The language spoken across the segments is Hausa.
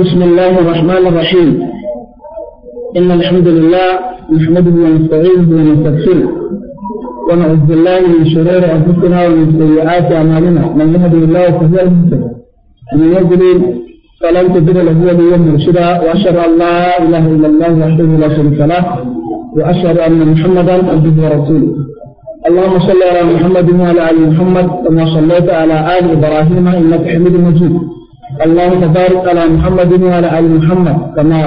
بسم الله الرحمن الرحيم إن الحمد لله نحمده ونستعينه ونستغفره ونعوذ بالله من شرور أنفسنا ومن سيئات أعمالنا من يهده الله فهو المهتدي ومن يضلل فلا تجد له وليا مرشدا وأشهد أن لا إله إلا الله وحده لا شريك له وأشهد أن محمدا عبده ورسوله اللهم صل على محمد وعلى آل محمد كما صليت على آل إبراهيم إنك حميد مجيد اللهم بارك على محمد وعلى آل محمد كما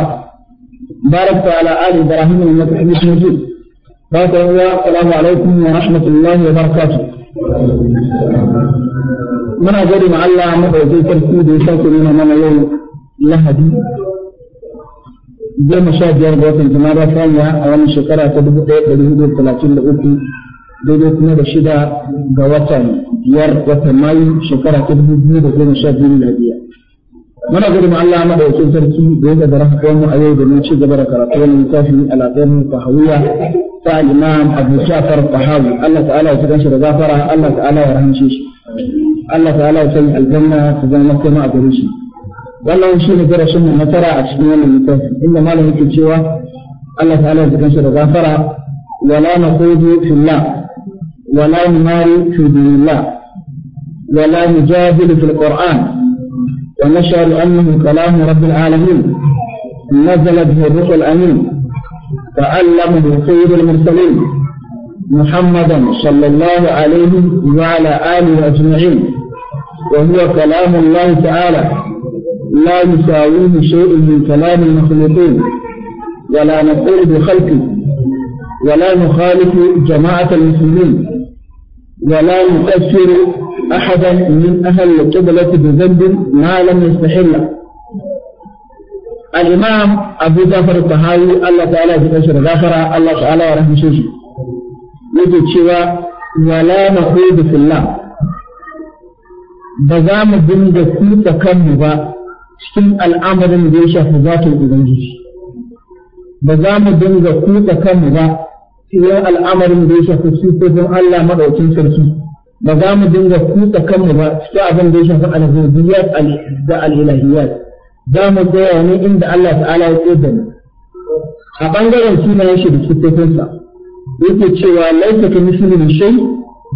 باركت على آل إبراهيم إنك حميد مجيد بارك الله السلام عليكم ورحمة الله وبركاته muna gode ma Allah madaukakin sarki da ya sake nuna mana yau Lahadi goma sha biyar ga watan Jumada Saniya a wannan shekara ta dubu ɗaya ɗari hudu talatin da uku daidai kuma da shida ga watan biyar watan mayu shekara ta dubu biyu da goma sha biyu miladiya muna gudun Allah madaukin sarki da ya gagara haka mu a yau da domin ci gaba da karatu wannan littafin al'adun fahawiya ta imam abu shafar fahawi Allah ta'ala ya kidan shi da gafara Allah ta'ala ya rahamshe shi Allah ta'ala ya sanya aljanna ta zama kuma a gare shi wannan shi ne garashin mu na tara a cikin wannan littafin inda malamin ke cewa Allah ta'ala ya kidan shi da gafara wala naqudu fillah ولا نمال في دين الله ولا نجادل في القرآن ونشهد أنه كلام رب العالمين نزل به الروح الأمين تعلمه خير المرسلين محمدا صلى الله عليه وعلى آله أجمعين وهو كلام الله تعالى لا يساويه شيء من كلام المخلوقين ولا نقول بخلقه ولا نخالف جماعة المسلمين ولا نكفر أحدا من أهل القبلة بذنب ما لم يستحله الإمام أبو جعفر الطهاوي الله تعالى بكشر غفر الله تعالى ورحمه شيخه yake cewa wala na hudu fillah ba za mu dinga kuta kanmu ba cikin al'amarin da ya shafi zatin ubangiji ba za mu dinga kuta kanmu ba cikin al'amarin da ya shafi sifofin Allah madaukin sarki ba za mu dinga kutsa kanmu ba cikin abin da ya shafi al da al za mu tsaya ne inda Allah ta'ala ya tsaye da mu a bangaren sunayen shi da sifofinsa yake cewa laisa ka mislihi shay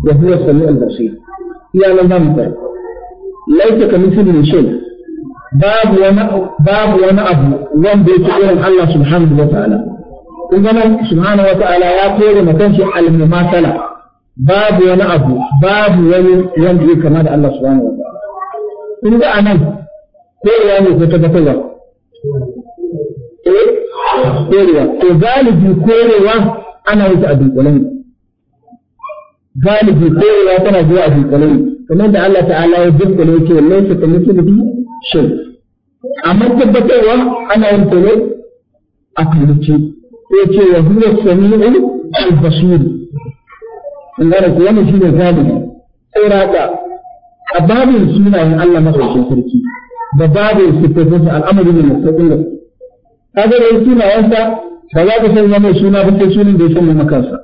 wa huwa samiul basir iya nan za mu tsaya laisa ka mislihi shay babu wani abu wanda yake irin Allah subhanahu wa ta'ala kun ga nan subhanahu wa ta'ala ya kore makan shi al-mumasala babu wani abu babu wani wanda ya kama da Allah subhanahu wa ta'ala kun ga anan ko ya ne ko tabbatarwa eh korewa to galibi korewa ana yi ta a dunkulai galibi korewa tana zuwa a dunkulai kamar da Allah ta'ala ya dunkule yake laysa kamithlihi shay amma tabbatarwa ana yin ta ne a kalice yace wa huwa samiu al-basir ngara ko wannan shine galibi sauraka a babin sunayen Allah madaukakin sarki da babin sifatin al'amari ne mustaqil kaga da sunayen sa ba za ka sanya mai suna ba sai sunan da ya sanya maka sa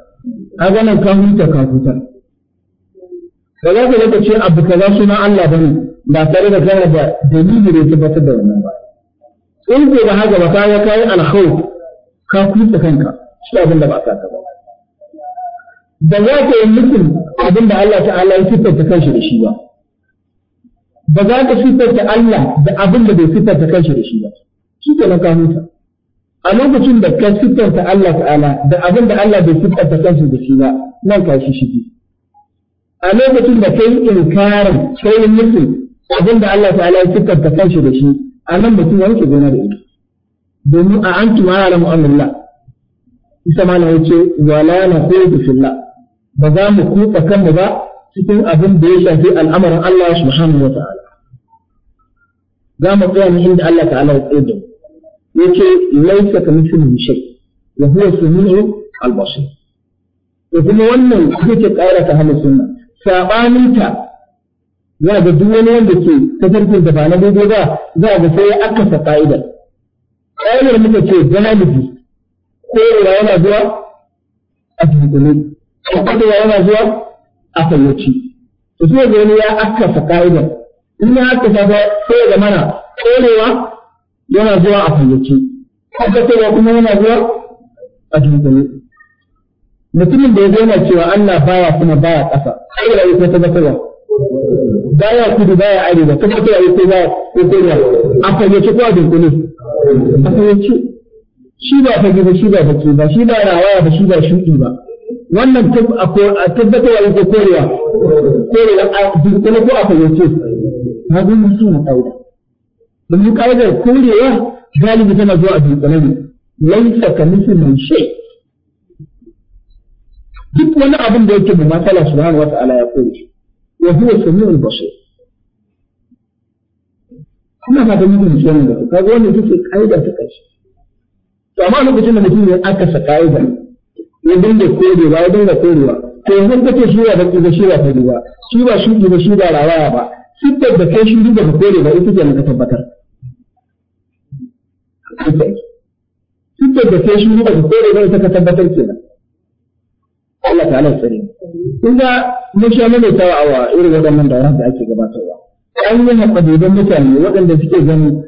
kaga nan ka huta ka huta ba za ka zaka ce abu kaza suna Allah bane ba tare da kana da dalili da ya tabbatar da wannan ba in ko ba haka ba kaga kai al-khawf ka kutsa kanka shi abin da ba ka ba ba za ka yi mutum abin da Allah ta'ala ya siffanta kanshi da shi ba ba za ka siffanta Allah da abin da bai siffanta kanshi da shi ba shi ke na kamuta a lokacin da ka siffanta Allah ta'ala da abin da Allah bai siffanta kanshi da shi ba nan ka shi shi a lokacin da kai inkarin kai mutum abin da Allah ta'ala ya siffanta kanshi da shi a nan mutum ya wuce gona da ita domin a an tuma ya alamu amillah isa malam ya ce wala na hudu fillah ba za mu kuka kanmu ba cikin abin da ya shafi al'amarin Allah subhanahu wa ta'ala za mu tsaya mu inda Allah ta'ala ya tsaye da mu yace laisa ka mutum shay wa huwa samiu al-basir to kuma wannan yake ƙara ta halin sunna sabanin ta za ga duk wani wanda ke tafarkin da ba na daidai ba za ga sai ya akasa ka'idar ƙa'idar muka ce galibi kowa yana zuwa a kada ya yana zuwa a fayyaci to sai ga wani ya fa ƙa'idar in ya fa da sai ga mana korewa yana zuwa a fayyaci ya kuma yana zuwa a dunkule mutumin da ya zo cewa Allah baya kuma baya ƙasa sai ga ita ta zakarwa baya kudu baya arewa kuma ta yi kowa kokoya a fayyace ko a dunkule a fayyace shi ba fage ba shi ba fage ba shi ba rawaya ba shi ba shuɗi ba wannan a tabbatarwa yake korewa korewa a dunkule ko a fayyace na gudun su na ƙaura domin ƙa'idar korewa galibi tana zuwa a dunkule ne laisa ka nufin mai shai duk wani abin da yake mu matsala subhanahu wa ta'ala ya kore وهو السميع البصير kuma ba da mutum ke nan da kaga wannan ita ce kaida ta kai to amma lokacin da mutum ya aka sa kaida ya dinga kodewa ya dinga kodewa to yanzu kace shi ya da kuma shi ya fadi ba shi ba shi ba shi ba rawaya ba sitar da kai shi dinga ka kore ba ita ce ka tabbatar sitar da kai shi dinga ka kore ba ita ka tabbatar kenan الله تعالى سليم إذا مشى من يتوى وإذا قد من دوره بأيك كما توى أي قد يبن مثل وقد يفكي ذن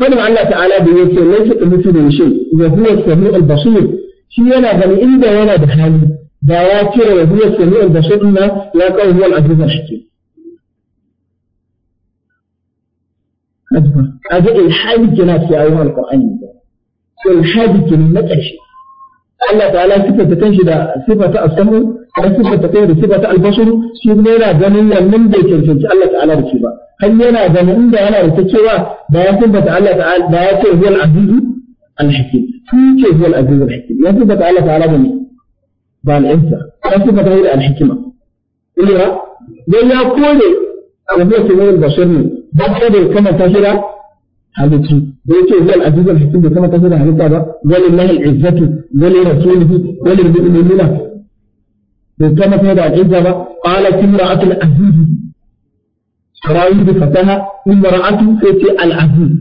قد الله تعالى بيوته ليس كمثل شيء وهو السميع البصير شيء أنا بل إلا ولا بحال دواتر وهو السميع البصير إلا لكن هو العزيز الحكيم أجمع أجمع الحاج جناسي أيها القرآن الحاج جناسي Allah ta'ala ta kanshi da sifata as-samu da sifata ta da sifata al-basaru shi kuma yana ganin wannan bai cancanci Allah ta'ala da shi ba kan yana ganin inda yana da cewa da ya sifata Allah ta'ala da ya ce huwal azizu al-hakim shi ce huwal azizu al-hakim ya sifata Allah ta'ala ba ne ba al-insa ya sifata da al-hikima illa dan ya kore abu da ke nan basir ne ba kada kamar tashira حديثي بيت الله العزيز الحكيم كما تقول حديث هذا قال الله العزة قال رسوله قال المؤمنين كما تقول العزة قال امرأة العزيز سرائي بفتها امرأة بيت العزيز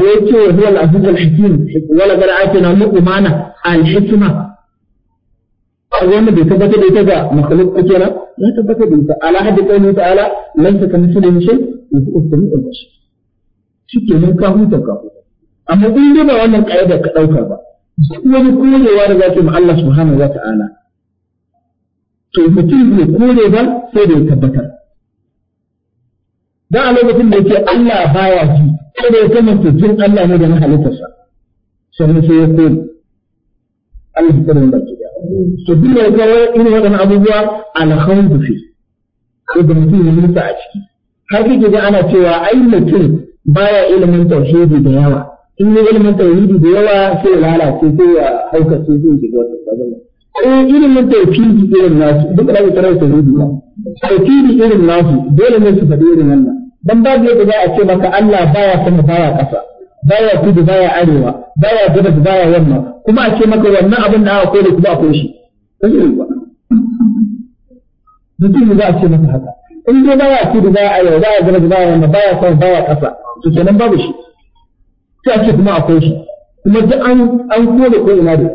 بيت هو العزيز الحكيم ولا برعاتنا مؤمنة الحكمة أولا بيت بيت بيت مخلوق كتيرا لا تبكي بيت على حد قوله تعالى ليس كمثله شيء yanzu ustani da bashi shi kenan ka huta ka huta amma in dai ba wannan ƙa'ida ka ɗauka ba duk wani korewa da zaki ma Allah subhanahu wata'ala to mutum bai kore ba sai da ya tabbatar dan a lokacin da yake Allah baya ji sai da ya kamanta jin Allah ne da na halittarsa sannan sai ya kore Allah ya kore baki da to duk da ya ga irin waɗannan abubuwa alhamdu fi ko da mutum ya nutsa a ciki har kike ana cewa ai mutum baya ilimin tauhidi da yawa in yi ilimin tauhidi da yawa sai lalace sai ya hauka haukace sai shiga wata sabon ai eh, ilimin tauhidi irin nasu duk da kira tauhidi ba tauhidi irin nasu dole ne su faɗi irin wannan dan babu yadda za a ce maka Allah baya sama baya ƙasa baya kudu baya arewa baya gabas baya yamma kuma a ce maka wannan abin da aka koyi kuma akwai shi kaje ba mutum za a ce maka haka in dai baya kudu baya arewa baya gaba baya yamma baya sama baya ƙasa to kenan babu shi sai ake kuma akwai shi kuma duk an an kore ko ina da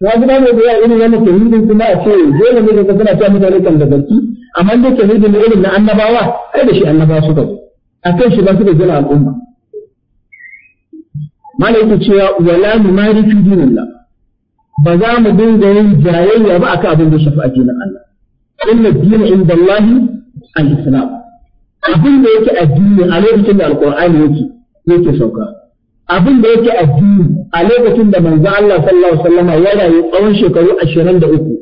na ji ba ne da yawa irin wannan tauhidin kuma a ce dole ne ka suna cewa mutane kan da zarki amma dai tauhidin ne irin na annabawa kai da shi annabawa suka zo kan shi ba da jira al'umma mana yake cewa wala mu mari fi dinillah ba za mu dinga yin jayayya ba akan abin da shafi addinin Allah inna dinu indallahi al-islam abin da yake addini a lokacin da alqur'ani yake yake sauka abin da yake addini a lokacin da manzo Allah sallallahu alaihi wasallam ya rayu tsawon shekaru 23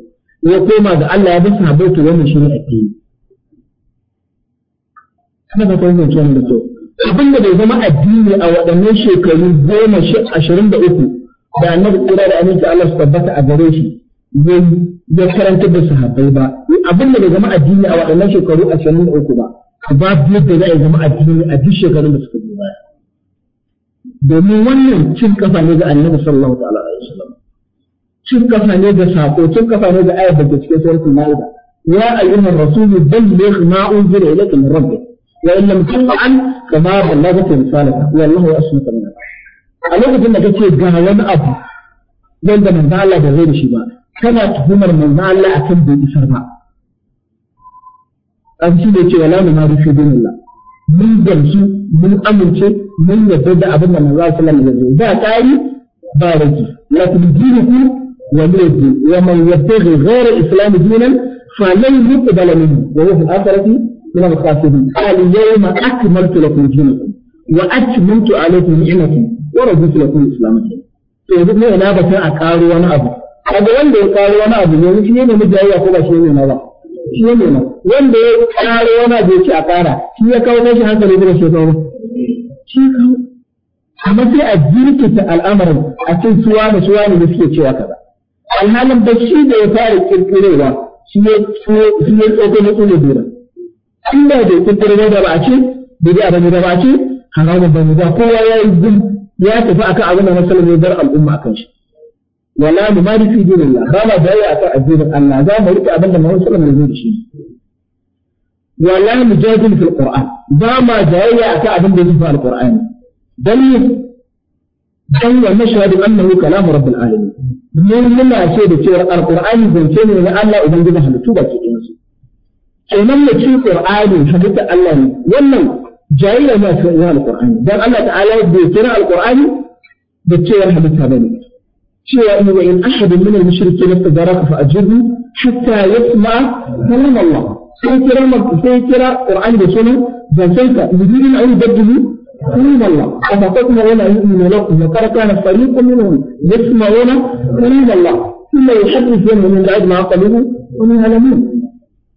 ya koma ga Allah ya bisa sahabbai wannan shine addini kana ba ta yin da to abin da bai zama addini a waɗannan shekaru 23 ashirin da uku da annabi kira da aminci Allah su tabbata a gare shi yayi ya da sahabbai ba abin da bai zama addini a waɗannan shekaru ashirin da uku ba babu yadda za a zama addini a duk shekarun da suka biyo baya domin wannan cin kafa ne ga annabi sallallahu ta'ala alaihi wasallam cin kafa ne ga sako cin kafa ne ga ayat da ke cikin suratul maida ya ayyuhar rasul balligh ma unzila ilayka min rabbik wa in lam taf'al kama ballaghta risalata wallahu yasmuka min a lokacin da kace ga wani abu wanda manzo Allah ba zai da shi ba kana tuhumar manzo Allah akan bai isar ba an shi ne ce wala na rufe bin Allah mun gamsu mun amince mun yarda da abin da manzo sallallahu alaihi wasallam ba tsari ba rage lakin dinuku wa miladu wa man yabtaghi ghayra islam dinan falan yuqbal minhu wa huwa akhirati min al khasirin al yawma akmaltu lakum dinakum wa atmamtu alaykum ni'mati wa raditu lakum islamakum to duk ne na batun a karo wani abu kaga wanda ya karo wani abu ne shi ne mu jayya ko ba shi ne na ba shi ne na wanda ya karo wani abu ke a kara shi ya kawo kashi hankali da shi kawo shi kawo amma sai a jirkita al'amarin a cikin suwa da suwa ne da suke cewa kaza alhalin ba shi da ya fara kirkirewa shi ya tsoko na tsune dora inda da kirkirewa da ba a ce da ba ne da ba a ce haramun ba ne ba kowa ya yi zin ya tafi akan abin da masalin ya bar al'umma akan shi wallahi ma rufi dinin Allah ba ma bayar akan addinin Allah za mu rike abin da Muhammad sallallahu alaihi wasallam ya shi wallahi mujadil fil qur'an ba ma jayayya akan abin da yake fil qur'an dan dan wa nashhadu annahu kalamu rabbil alamin mun muna ce da cewa alqur'ani zance ne na Allah ubangiji halittu ba ke dinsu kenan ne ci qur'ani halitta Allah ne wannan jayayya ma ce na alqur'ani dan Allah ta'ala bai kira alqur'ani da cewa halitta bane شيء يعني وإن أحد من المشركين استجارك فأجره حتى يسمع كلام الله سيترى سيترى قرآن بسنة فسيترى مدير أن يبدل كلام الله أفتطمع ولا يؤمن لكم وترى كان فريق منهم يسمعون كلام الله ثم يحدثون من بعد ما عقلوه ومن يعلمون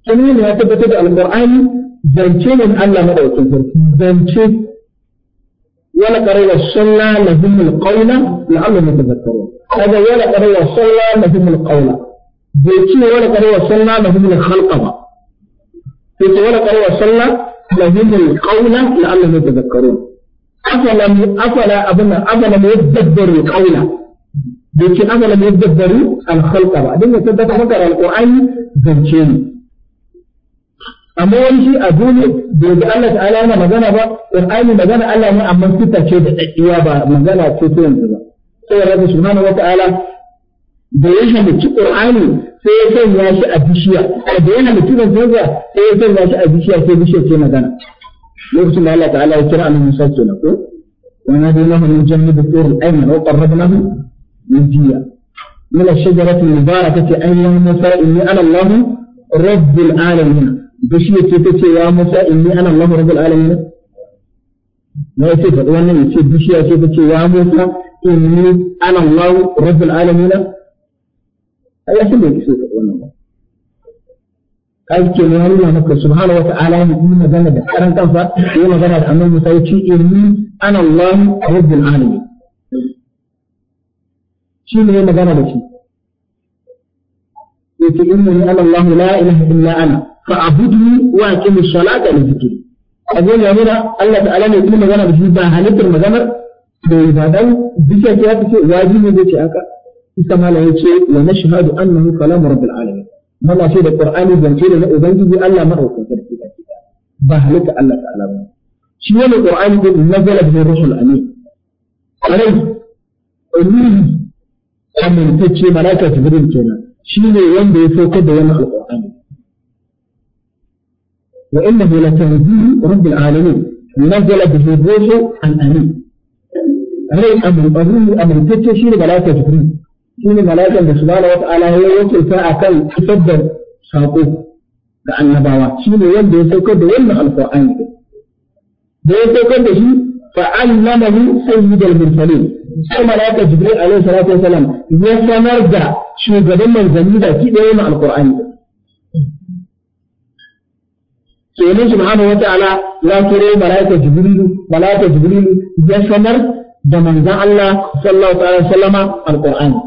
كمان تبدأ القرآن زنشين الله مدعو زنشين ولا قرينا السنة لهم القول لعلهم يتذكرون هذا ولا قرينا السنة لهم القول بيتي ولا قرينا السنة لهم الخلق بيتي ولا قرينا السنة لهم القول لعلهم يتذكرون أفلا أفلا أبنى أفلا يتذكر القول بيتي أفلا يتذكر الخلق ما دين يتذكر القرآن بيتي amma wani shi a dole bai ga Allah ta'ala yana magana ba qur'ani magana Allah ne amma sita ce da tsakiya ba magana ce ta yanzu ba sai rabu subhanahu wa ta'ala da ya halicci qur'ani sai ya sanya shi a bishiya da ya da zuwa sai ya sanya shi a bishiya sai bishiya ce magana lokacin da Allah ta'ala ya kira annabi Musa na ko wannan وناديناه من جنب الطور الأيمن وقربناه نجيا من الشجرة المباركة أي يا موسى إني أنا الله rabbul alamin bishiyar ce ta ce ya musa inni ana allahu rabbul alamin na yace faɗi wannan yace bishiya ce ta ce ya musa inni ana allahu rabbul alamin ai shi bai kiso wannan kai ke ne Allah maka subhanahu wa ta'ala ne yi magana da karan kansa yi magana da annabi musa yace inni ana allahu rabbul alamin shi ne magana da shi yace inni ana allahu la ilaha illa ana فأعبده وأقيم الصلاة لذكري أقول يا منى الله تعالى يقول لك أنا بجيب بها هنبت المدامة بإبادة بشيء كيف بشيء واجب بشيء كيف إسمع له شيء ونشهد أنه كلام رب العالمين ما الله في القرآن يزنكير لا أبنجي الله ما هو كفر في ذلك بهلك الله تعالى شنو القرآن يقول نزل به الروح الأمين عليه أمين أمين تجي ملاكة جبريل كنا شنو يوم بيفوق بيوم القرآن وإنه لتنزيل رب العالمين نزل به الروح الأمين rai abu amintacce shi ne malakar jibril shi ne malakar da subhanahu wata'ala ya wakilta a kan fitar da saƙo ga annabawa shi ne wanda ya saukar da wannan alƙur'ani da ya saukar da shi fa'allamahu sayyidul mursalin sai malakar jibril alaihi salatu wasalam ya sanar da shugaban manzanni da ki da kenan subhanahu wataala ya kiro malaika jibrilu malaika jibrilu ya sanar da manzon Allah sallallahu alaihi wasallama alqur'ani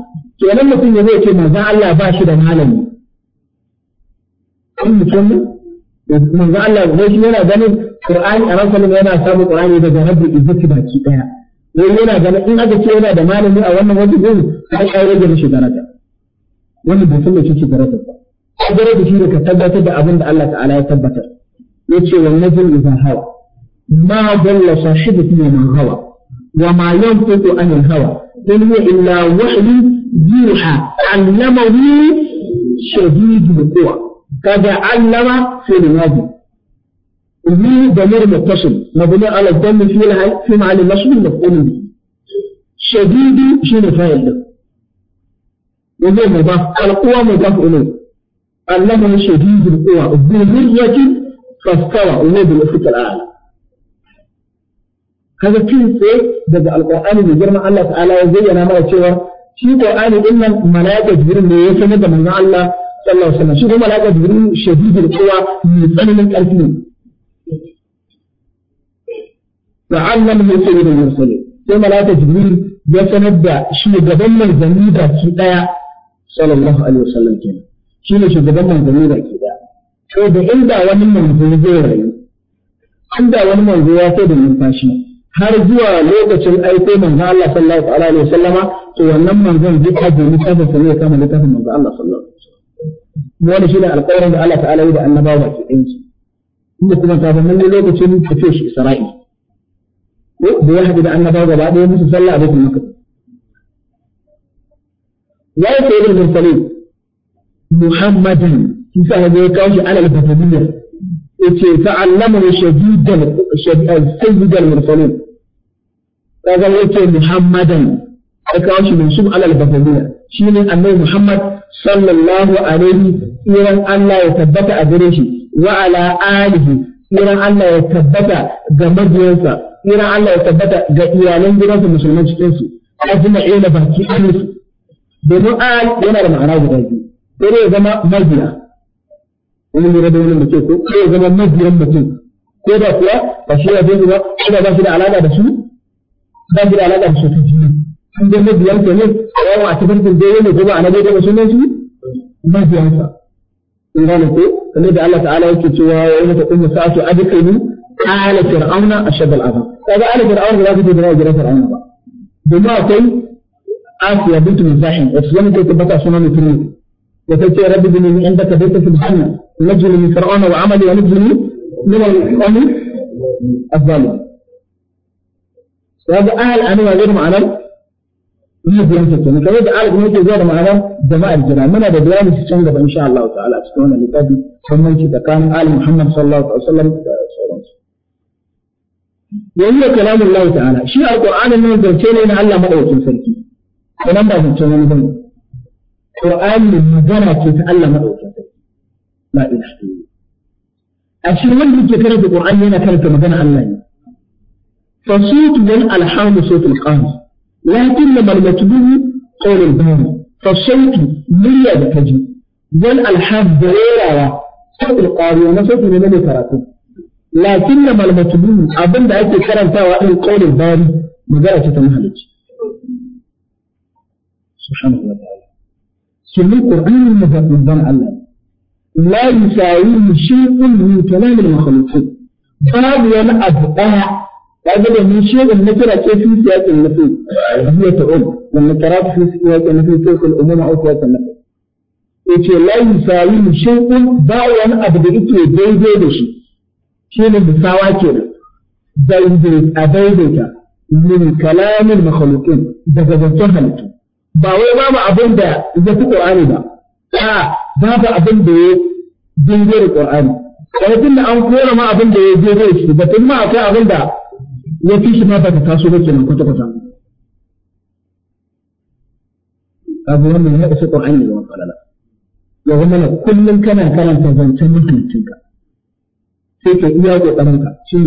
kenan mutum ya zai ce manzon Allah ba shi da malami kun mutum manzon Allah zai shi yana ganin qur'ani a rasul yana samun qur'ani daga rabbul izzati baki daya wai yana ganin in aka ce yana da malami a wannan wajen sai ai rage mishi daraja wannan bai san me yake daraja ba daraja shi ne ka tabbatar da abin da Allah ta'ala ya tabbatar يتي والنجم إذا هوى ما ضل صاحبكم من غوى وما ينطق عن الهوى إن هو إلا وحي يوحى علمه شديد القوى قد علم في الماضي ومين ضمير متصل مبني على الضم في في معنى نصب مفعول به شديد شنو فاعل وهو مضاف القوى مضاف إليه علمه شديد القوى بذرية فاستوى النبي الأفق الأعلى هذا كيف شيء بدأ القرآن بجرم الله تعالى وزينا ما وشوى شيء قرآن إلا ملاك جبريل ليسند من الله صلى الله عليه وسلم شوفوا ملاك جبريل شديد القوى من سنة من الألفين هو سيد المرسلين sai malaka jibril ya شيء da shugaban manzanni baki daya sallallahu alaihi wasallam شيء shine shugaban manzanni baki to da inda wani manzo zai rayu an da wani manzo ya sai da numfashi har zuwa lokacin aiko manzo Allah sallallahu alaihi wasallama to wannan manzon zai kaje littafin sa ne kama littafin manzo Allah sallallahu alaihi wasallam wani shine alƙawarin da Allah ta'ala yi da annabawa baki ɗin su inda kuma ta ban nan lokacin tafiye shi Isra'i da ya haɗu da annabawa gaba ɗaya musu sallah a bakin Makka ya yi sayyidul mursalin Muhammadan shi sa ga kawo shi alal badaliya yace ta'allama shadidan shadidan sayyidal mursalin kaga yace muhammadan kawo shi mansub alal badaliya shine annabi muhammad sallallahu alaihi iran Allah ya tabbata a gare shi wa ala alihi iran Allah ya tabbata ga mabiyansa iran Allah ya tabbata ga iyalan gidansa musulman cikin su ajma'ina baki alif domin al yana da ma'ana guda biyu sai ya zama mabiya in lura da wannan da ke ko sai zama majiran mutum ko da kuwa ba shi ya dai ba ko da ba shi da alaka da su ba shi da alaka da su ta jini in dai majiran ka ne ko a tafarkin dai ne ko ba a nabi da sunan shi majiran ka in gane ko kamar da Allah ta'ala yake cewa wa yana ta ummu sa'atu adkhilu ala fir'auna ashad al'azab kaga ala fir'auna ba za ta da jira fir'auna ba domin akwai asiya bintu muzahin wasu zama ta tabbata sunan mutum يا رب ابن عندك بيت في الجنة نجل من فرعون وعملي ونجل من الأمر الظالم وهذا أهل أنا وغيرهم على يجب أن تكون كما يجب أهل أنا غير معنى جماعة الجنة من هذا بيان في الشنجة إن شاء الله تعالى أتكون لتابي سميت كان آل محمد صلى الله عليه وسلم يقول كلام الله تعالى شيء القرآن من الجنة إن الله مؤوت الفلكي ولم الجنة Qur'ani magana ce ta Allah madaukakin sarki la ilaha illallah a cikin wanda yake karanta Qur'ani yana karanta magana Allah ne fa sutu wal alhamu sutul qani lakin mal matlubu qawl al bani fa shaytu murya da kaji wal alham da rawa sutul qari wannan sauti ne mai karatu lakin mal matlubu abinda ake karantawa din qawl al bani magana ce ta mahalicci subhanahu wa ta'ala ثم القرآن المذهب من الله لا يساوي شيء من كلام المخلوقين باب ولا أبقى هذا من شيء النكرة كيف سياق النفي هي لما والنكرات في سياق النفي سياق الأمم أو سياق النفي yace la yusawi shay'un ba wani abu دي دي daidai شيء shi shine misawa kenan daidai a من كلام المخلوقين makhluqin daga ba wai babu abin da ya fi Qur'ani ba a babu abin da ya dinge da ƙwa'ani. sai tun da an kora ma abin da ya je da shi ba tun ma akwai abin da ya fi shi ma ba ta taso ba nan kwata kwata abu wannan ya isa ƙwa'ani ga wani falala ya zama kullum kana karanta zancen mutuncinka sai ka iya kokarin ka shi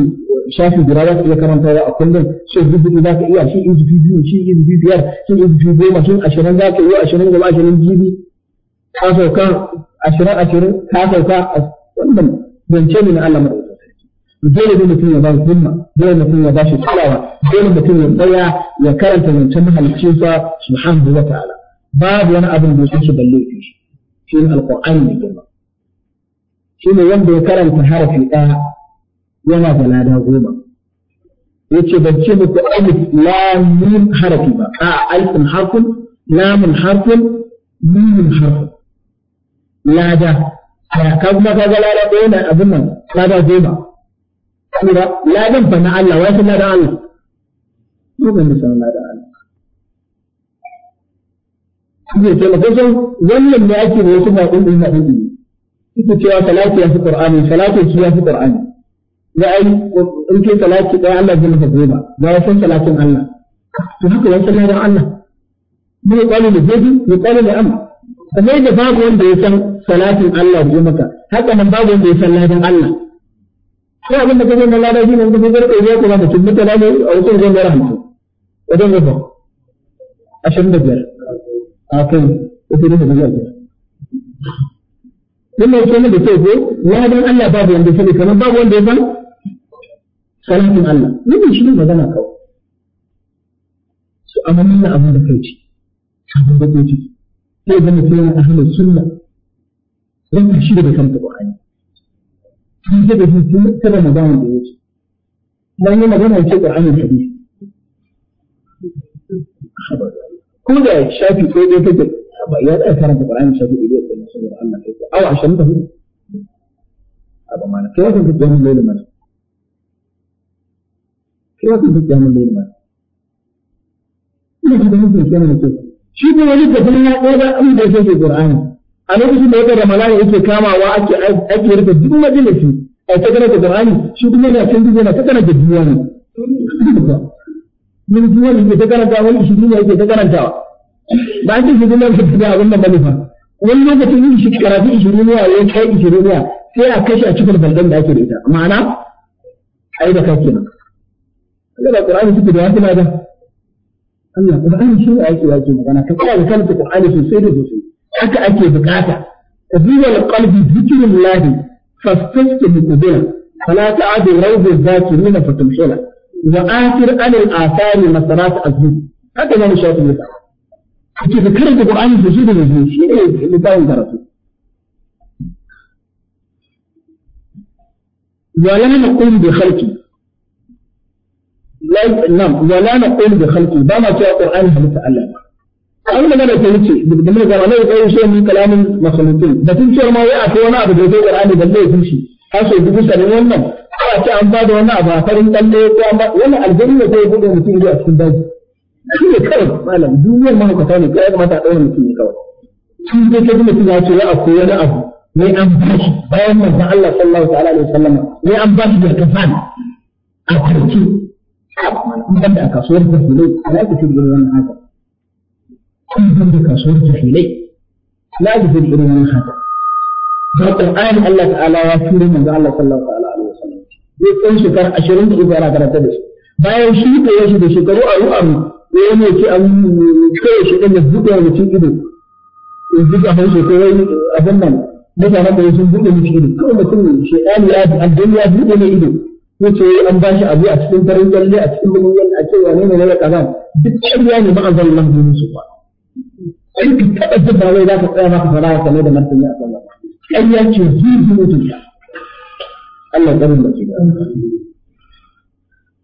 shafi guda za ka iya karantawa a kullum shi rubutu za ka iya shi izubi biyu shi izubi biyar shi izubi goma shi ashirin za ka iya ashirin gaba ashirin jibi ka sauka ashirin ashirin ka sauka wannan zance ne na Allah mai dole ne mutum ya ba himma dole mutum ya ba shi talawa dole mutum ya tsaya ya karanta zancen mahaliccinsa subhanahu wa ta'ala babu wani abin da yake balle shi shi alqur'ani ne girma shine wanda ya karanta harafi ɗaya yana da lada goma yace ban ce ku alif lam mim harafi ba a alifin harfin lamun harfin mimin harfin lada ya ka kuma ka ga lada ɗaya na abin nan lada goma kura ladan fa na Allah wa wai ladan Allah ko ban da san ladan Allah zai ce lokacin wannan ne ake wasu ba ɗin ɗin na ɗin suke cewa salati ya fi qur'ani salatin shi ya fi qur'ani da ai in kai salati dai Allah zai maka goma ba ya san salatin Allah to haka ya san ladan Allah ne kwali da jeji ne kwali da amma kamar da babu wanda ya san salatin Allah ya maka haka nan babu wanda ya san ladan Allah ko abin da kaje na lada shi ne kuma zai ɗaya ko ba mutum mutane ne a wasu zai gara hamsin wajen gaba ashirin da biyar a kai wasu da biyar dan ne ke da kyau ko ladan Allah babu wanda yake kamar babu wanda ya san salatin Allah nake shi ne magana kawai su amanin na abin da kai ci abin da kai ci sai da mutum yana ahlus sunna dan ka shi da kan Qur'ani kun ga da mutum kada mu damu da yake dan yana magana ce Qur'ani hadisi kuma da shafi ko da take ya tsaya karanta Qur'ani sha hudu bai tsaya saboda Allah kai ko awa hudu. abu mana kai kan kike mun lalle mana kai kan kike mun lalle mana ina ji mun kike mun lalle shi ne wani da kuma ya koda an da yake Qur'ani a lokacin da yake da mala'ika yake kamawa ake ake rufe duk majalisi a ta karanta Qur'ani shi kuma yana kan duniya ta karanta duniya ne min duniya yake ta karanta wani shi ne yake ta karantawa ba ta shi dole ta ga abin da manufa wani lokacin yin shi karatu ishiriniya ya kai ishiriniya sai a kashe a cikin baldan da ake da ita ma'ana ai da kake nan Allah da Qur'ani suke da wasu ladan Allah Qur'ani shi ne ake yake magana ka tsaya da kalmar Qur'ani sosai da sosai haka ake bukata tabiwa qalbi zikrullah fastaqim qubila fala ta'adu rawd adh-dhakirin fatumshila wa akhir an al-athar masarat azmi haka ne shafi ne ake ka karanta Qur'ani da shi da shi shi ne littafin karatu wala na qum bi khalqi la nam wala na qum bi khalqi ba ma ta Qur'ani halitta Allah ba an da kai ce da mun ga wala kai shi ne kalamin makhluqin da tun cewa ma wai akwai wani abu da yake Qur'ani da bai fushi aso duk sanin wannan a ce an ba da wani abu a farin kalle ko an ba wannan aljanna ko gudu mutum ya cikin shi ne kawai malam duniyar mahaukata ne kawai kamata a ɗaura mutum ne kawai tun dai kaji mutum ya ce ya akwai wani abu ne an bashi bayan manzon Allah sallallahu ta'ala alaihi wasallam ne an bashi da kafan a kwarki in banda a kasuwar jahilai ala ku fi irin wannan haka kun banda kasuwar jahilai ala ku fi irin wannan haka da Qur'ani Allah ta'ala ya tura manzon Allah sallallahu ta'ala alaihi wasallam zai kai shekara 23 ana karanta da shi bayan shi ta yashi da shekaru aru aru wani ce an kawai shi ɗan ya buɗe wa mutum ido in ji a haushe ko wani abin nan mutanen da sun buɗe mutum ido kawai mutum shi ɗan ya addini ya buɗe mai ido ko ce an ba shi abu a cikin farin kyalle a cikin lumin kyalle a ce wane ne na kaza duk ƙarya ne ma'azan Allah ne su ba ai ka taɓa jin ba wai za ka tsaya maka fara kamar da martani a sallah ƙarya ce zuzu mutum Allah ƙarin da ke da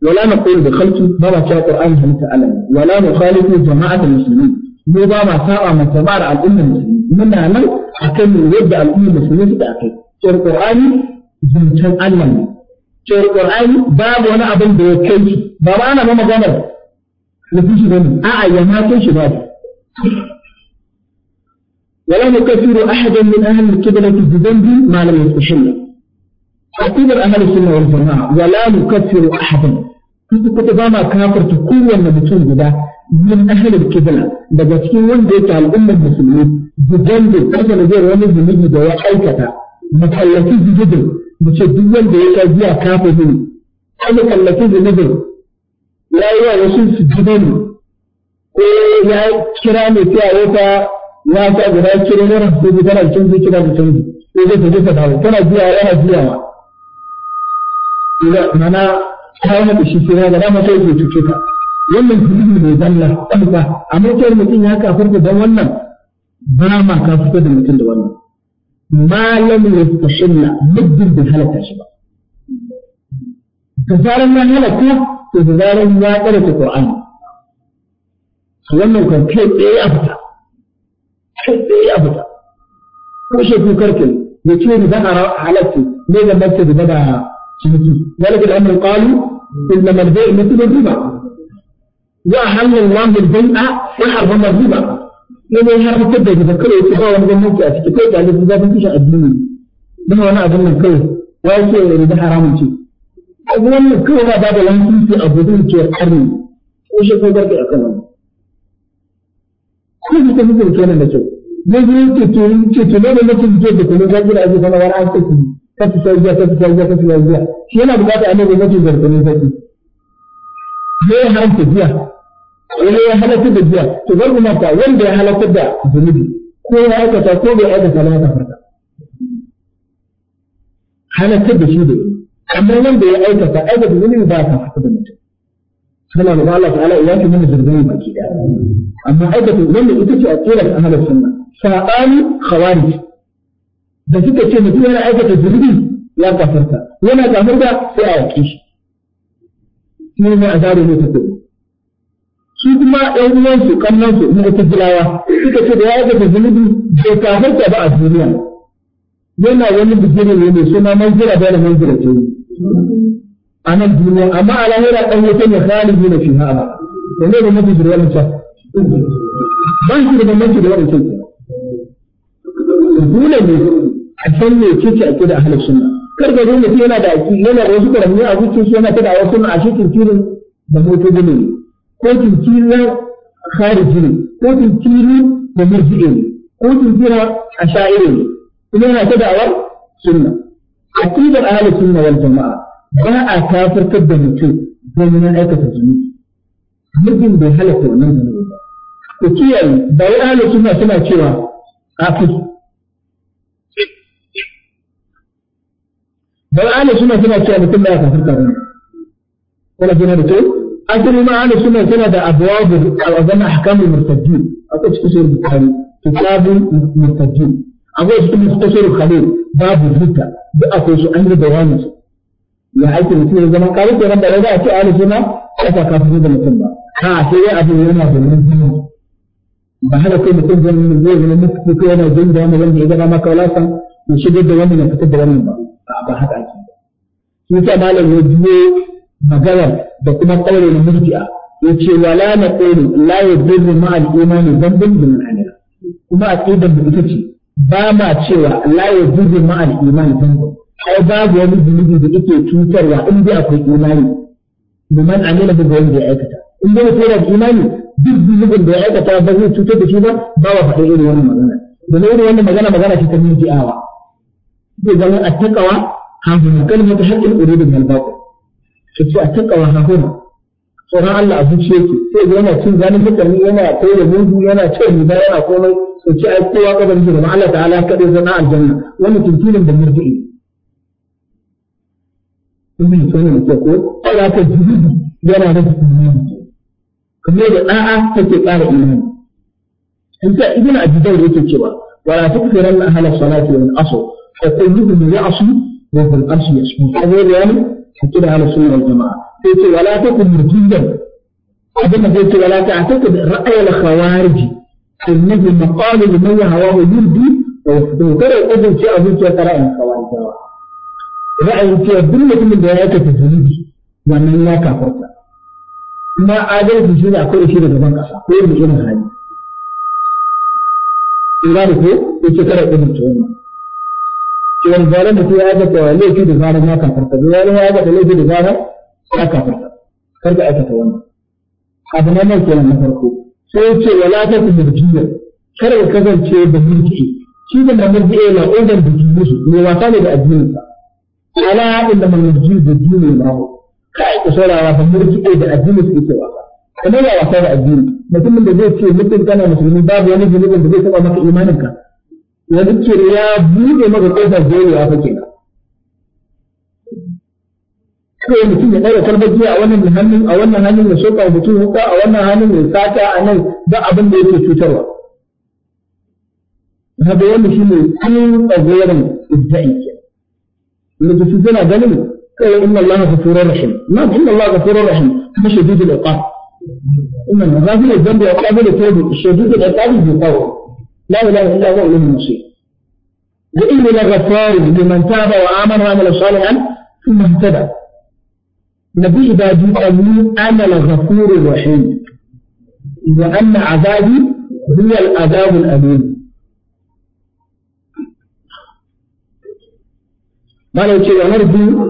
ولا نقول بخلق ما ما القرآن هم تعلم ولا نخالف جماعة المسلمين مو ما من ساء تبار على الأمة المسلمين من أنا أكمل يبدأ الأمة المسلمين تتأكد شر القرآن زمتان تعلم شر القرآن باب وانا أبن بيكيش باب أنا ما مغامر نفيش بني أعي آه، آه، ما كيش باب ولا نكفر أحدا من أهل الكبلة بذنب ما لم يستحله أكبر أهل السنة والجماعة ولا نكفر أحدا kuma kuka ba ma kafirta kowanne mutum guda min ahlul qibla daga cikin wanda yake al'ummar musulmi bidan da kafa da zai wani zunubi da ya aikata mutallafi zubudin da ce duk wanda ya kai zuwa kafirin kada kallafi zunubin ya yi wa wasu sujudu ne ko ya kira mai fiya wata ya ta guda kira ne rasu da tana canji kira da canji ko zai tafi ta dawo tana biya yana biyawa mana ta yi da shi kira da dama sai ke cuce ka wannan kudi mai zalla kalba a matsayin mutum ya kafar da dan wannan ba ma ka fito da mutum da wannan ya lam yastashilla muddin da halaka shi ba da zaran ya halaka to da zaran ya karanta qur'ani wannan kan kai tsaye ya fita kai tsaye ya fita ko shi kukar ke ne ce ni zan halatta ne da mace da ولد الأمر قالوا إنما البيع مثل الربا وأحل الله البيع وحرم الربا لما يحرم كده يفكروا يتخاوى من الموت أسكي كده على الزباب انتش أدنين ده أنا أظن كده اللي ده حرام شيء أظن كده بعد الأمر في أبوذين كي قرن وش يقول بركة أكلم كل شيء تنزل كان نشوف ما يقولون كتير كتير ما نفسي كده كنا قاعدين أجيب أنا ورا عن كتير ka fita jiya ka fita jiya ka fita jiya shi yana bukata a nan mace zarfani sarki zai haramta jiya wani ya halatta da jiya to zan umarta wanda ya halatta da zunubi ko ya aikata ko bai aikata na kafarta halatta da shi da amma wanda ya aikata aikata zunubi ba ka fata da mutum suna da Allah ta'ala ya fi mana zunubi baki daya amma aikata wanda ita ce a tsira ta ahlus sunna sa'ani khawarij da suka ce mutum yana aikata zunubi ya kafarta yana da sai a yaƙe shi ne ne a zare ne ta kudu su kuma ɗan uwansu kannansu na ita gilawa suka ce da ya aikata zunubi bai kafarta ba a duniya yana wani bijiri ne mai suna ba da manzira ce a nan duniya amma a lahira ɗan wata ne yi na fiha ba ne da mafi shirya wancan Ban shi da mafi shirya wancan dole ne a san me kike a kida ahlus sunna kar ga dinga yana da yana da wasu karamni a cikin shi yana da wasu a cikin tinkirin da mutune ne ko tinkirin khariji ne ko tinkirin da murji'i ne ko tinkira asha'iri ne kuma yana ta da'awar sunna aqidar ahlus sunna wal jama'a ba a kafirtar da mutum don ya aikata zunubi mutum bai halatta wannan zunubi ba ku kiyaye bai ahlus sunna suna cewa a fuska don ana suna suna cewa mutum ya kafirta ne wala suna da kyau asali ma ana suna suna da abuwabu al'azana ahkamul murtaji akwai cikin sura bukhari kitabul murtaji akwai cikin sura khalil babu zuta da akwai su an yi bayanin su ya aiki mutum ya zama kare kenan da za a ce ahli sunna kafa kafin da mutum ba ha sai ya abu yana da mutum ba haka kai mutum zai zama mutum ko yana jin da wani wanda ya gana maka wala san ya shigar da wannan ya fitar da wannan ba a ba haka ake shi yasa malam ya biyo maganar da kuma kaure na murji'a yace wala na qulu la yadurru ma al'imani iman dhanbun min al-amil kuma aqidar da ita ce ba ma cewa la yadurru ma al-iman dhanbun ai babu wani zunubi da yake cutarwa in dai akwai imani liman amila bi wanda ya aikata in dai mutum da imani duk zunubin da ya aikata ba zai cutar da shi ba ba wa faɗa irin wannan magana da irin wannan magana magana ce ta murji'awa إذا التقوى ها هنا كلمة حق أريد من الباطل شفت التقوى ها هنا فرا الله أبو شيكي فإذا أنا أتشين ذاني فكر من أنا أقول منه أنا أتشين من أنا أقول سوف أتقوى قبل جنة مع الله تعالى كأي زناء الجنة وأنا تنتين من المرجعين ثم يتوني يقول ألا تجهد جنة رجل من كمية الآعة آه، تتقار آه، إيمان أنت إذن أجدور يتكوى ولا تكفرن أهل الصلاة من أصل فكلهم يعصي وهو الأمس يسمون هذول يعني حتى على سنة الجماعة قلت ولا تكن مرتدا عندما قلت ولا تعتقد رأي الخوارج أنه مقال لمن هواه يرضي ويخدمه ترى أجل شيء أبوك ترى أن الخوارج رأي في بلة من دعاية تزويدي وأن لا كفرت ما عادل في شيء أقول شيء لبنك أصلا قول بجنة هذه إلا رفو يتكرر أبوك cewar zarar mutum ya aikata laifi da zarar ya kafarta da zarar ya aikata laifi da zarar ya kafarta kar ka aikata wannan abu na nan kenan na farko sai ya ce wala ta ku murjiya kar ka kasance da murjiya shi da na murjiya na ogan da jinsu ne wasa ne da addinin addininsa ala inda man murjiya da dinin lahu kai ku saurara fa murjiya da addinin su ke wasa kamar ya wasa da addini mutumin da zai ce mutum kana musulmi babu wani zunubin da zai taba maka imaninka wani kiri ya buɗe maka kofar goyewa fa kenan kawai mutum ya ɗaga kwalbaji a wannan hannun a wannan hannun ya soka mutum wuka a wannan hannun ya sata a nan ba abin da yake cutarwa haka wanda shi ne tsayin tsagoran ibda'i ke lokaci na ganin kawai inna ka ghafurur rahim na inna allaha ghafurur rahim kuma da iqab inna ghafurur dhanbi wa qabilu tawbi shadidul ƙafa da qawli لا إله إلا هو إليه المصير وان لغفار لمن تاب وآمن وعمل صالحا ثم اهتدى نبي عبادي جاءني أنا لغفور رحيم وأن عذابي هو العذاب الأليم قال ونرجو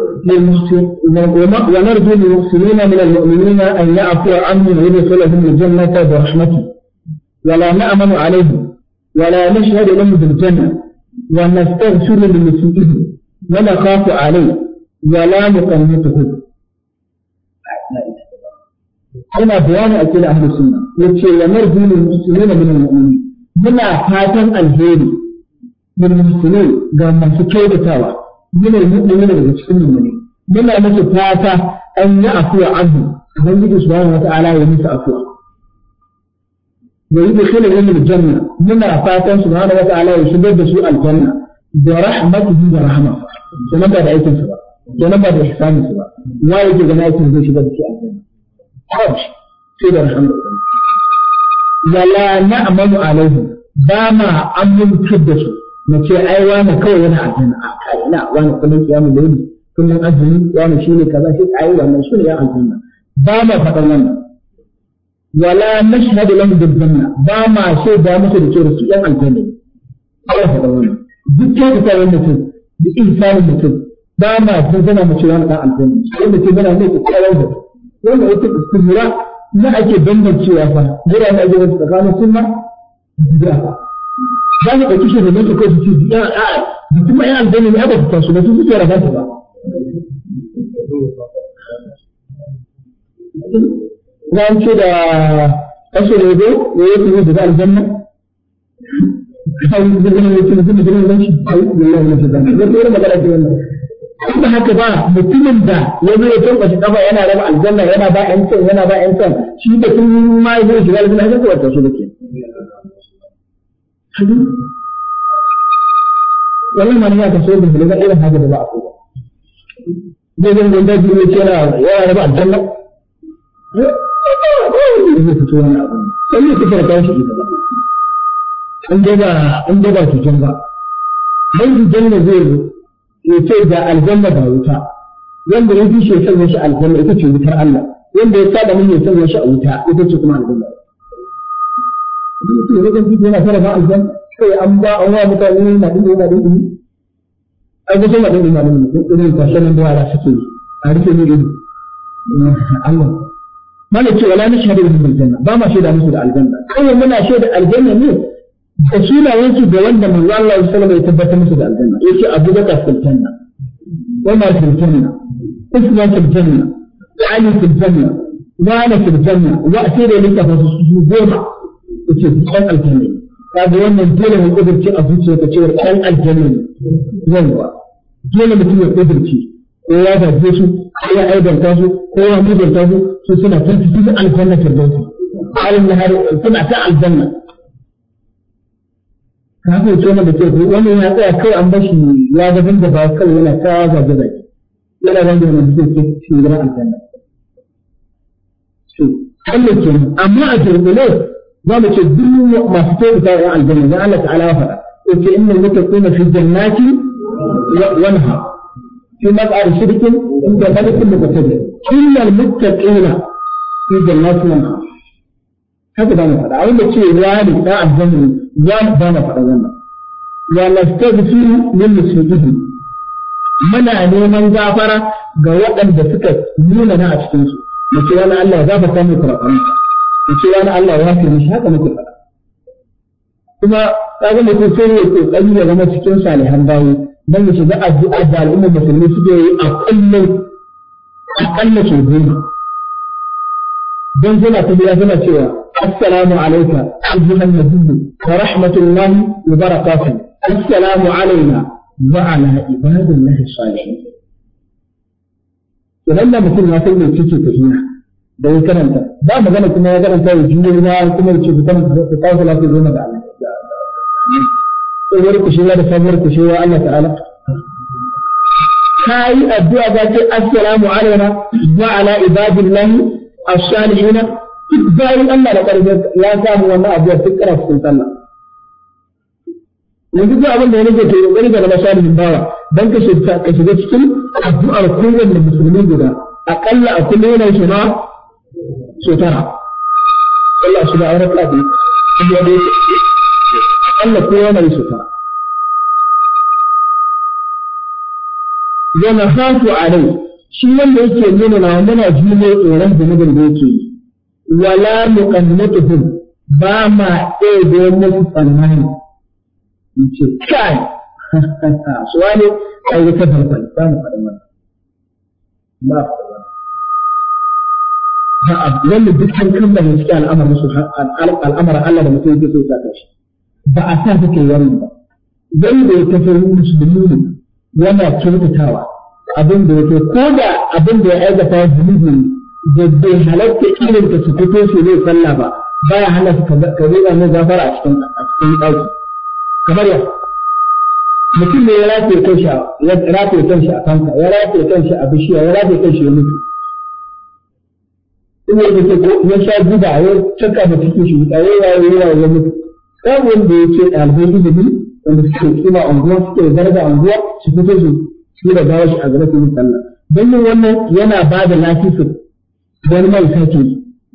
ونرجو للمحسنين من المؤمنين أن يعفو عنهم ويدخلهم الجنة برحمته ولا نأمن عليهم ولا نشهد له بالجنة ونستغفر لمسيئه ونخاف عليه ولا نقنطه أنا بيان أكل أهل السنة يتشي ونرجو للمسلمين من المؤمنين بما فاتن الهيري من المسلمين قام من سكيد تاوى من المؤمنين اللي تشكلوا منه بما نسو فاتا أن يعفو عنه ومن يجب سبحانه وتعالى ومن سأفوه wa yudkhiluhum al-janna muna fatan subhanahu wa ta'ala ya shigar da su aljanna da rahmatihi da rahma kenan ba da aikin ba kenan ba da ihsanin ba wa yake gana aikin zai shigar da su aljanna hajj sai da rahma wala na'malu alaihim ba ma amintar da su na ce ai kawai yana a kai ina wani da yini azumi wani shine kaza shi ba wala nashhadu lahum bil janna ba ma so da muku da cewa su yan aljanna Allah ya wannan duk ke da wannan mutum duk insanin mutum ba ma so zana mu cewa dan aljanna wanda ke mana ne ku kawai da wanda yake istimra na ake bambancewa fa gura ne ake wasu tsakanin sunna da bid'a za mu ɗauki shi da mai kai su ce a a kuma yan aljanna ne aka fita su ba su suke rafa su ba kuma an ce da kashe da ya yi kuma da aljanna kawai da mutum mutum da ganin zanci ai wallahi na shiga da tsere magana ce wannan kuma haka ba mutumin da ya zo ya tambaci kafa yana raba aljanna yana ba yan can yana ba yan can shi da kun ma ya zo shiga aljanna haka kuwa ta dake wannan ma ne ya kaso da hulga irin haka da ba a kowa zai zan gwanda biyu ne ce yana raba aljanna zai fito wani abu sai ne an ba an ba cutar ba dan zai zo ya ce da aljanna ba wuta wanda ya fi shi ya sanya shi aljanna ita ce wutar Allah wanda ya da mun ya sanya shi a wuta ita ce kuma aljanna mutum ya yana sarrafa aljanna sai an ba an wa mutane na yana dinga ai ga sai na dinga yana dinga irin kwashe nan da wala suke a rike ne Allah mana ce wala nashhadu bihim aljanna ba ma shaida musu da aljanna kawai muna shaida aljanna ne da sunayen su da wanda manzo Allah sallallahu alaihi wasallam ya musu da aljanna yace Abu Bakar fil janna Umar fil janna Uthman fil janna Ali fil janna Wala fil janna wa asira lika su goma yace kan aljanna kaga wannan dole mu kudurci a zuciyarka cewa kan aljanna yawa dole mutum ya kudurci ko ya zarge su ko ya aibanta su ko ya muzanta su su suna kan cikin aljanna firdausi alin nahari suna ta aljanna ka haka ce mana da ke ko wani ya tsaya kai an bashi ya ga da ba kai yana ta zage zage yana zage yana cikin cikin gidan aljanna to Allah ke amma a turbule za mu ce duk masu taimaka wa aljanna dan Allah ta'ala ya faɗa yace innal muttaqina fi jannati wa anhar في مقعد صدق عند ملك مقتدر إلا المتقين في جنات ونهار haka ba mu faɗa a wanda ce ya ne ɗan aljanna ya ba mu faɗa wannan ya lastaghfiru lil muslimin muna neman gafara ga waɗanda suka nuna na a cikin su mu ce wani Allah ya gafarta mu kurakuran mu ce wani Allah ya fi haka muke kuma kaga mutum sai ya cikin salihan من شجاع جاء الأمة المسلمين سبيه أقل أقل شو بين بين جنة بلا جنة السلام عليك أيها النبي ورحمة الله وبركاته السلام علينا وعلى عباد الله الصالحين ولما مثل ما تقول تشوف تجينا ده يكرم ده ما جنت ما جنت ده يجينا كم تشوف تم تطاول في زمن بعده tsohuwar kushewa da sabuwar kushewa Allah ta'ala ka yi addu'a za ce assalamu alaina wa ala ibadillahi as-salihin duk bayan Allah da ƙarfi ya samu wannan addu'a duk ƙara cikin sallah yanzu duk abin da wani zai to kokari ga na salihin bawa don ka shiga cikin addu'ar kowanne musulmi guda aƙalla a kullum yana shi ma so tara Allah subhanahu wa ta'ala ya Allah ko yana yi shekara yana a rai, shi wanda yake nuna na muna jure tsoron zunubin da yake wala muqannatuhum ba ma ɗaya da tsammani yace kai suwale ba mu faɗa mana ba wannan dukkan kan da gaskiya al'amarin su al'amarin Allah da mutum yake so ya saka shi ba a sa suka yi wannan ba wanda ya kafa musulmi ne yana kyautatawa abin da kai, ko da abin da ya aikata zunubi da bai halatta irin ka su fito su ne sallah ba ba hana su ka zai mai gafara a cikin a kamar ya mutum ne ya rafe kanshi ya rafe a kanka ya rafe kanshi a bishiya ya rafe kanshi ya mutu in yake ko ya sha guba ya caka mutum shi ya yi ya mutu ɗan wanda yake ɗaliban ilimi wanda suke kima unguwa suke da daraja unguwa su fito su su da gawa shi a gaba su yi sallah don yin wannan yana ba da lafisin wani mai sake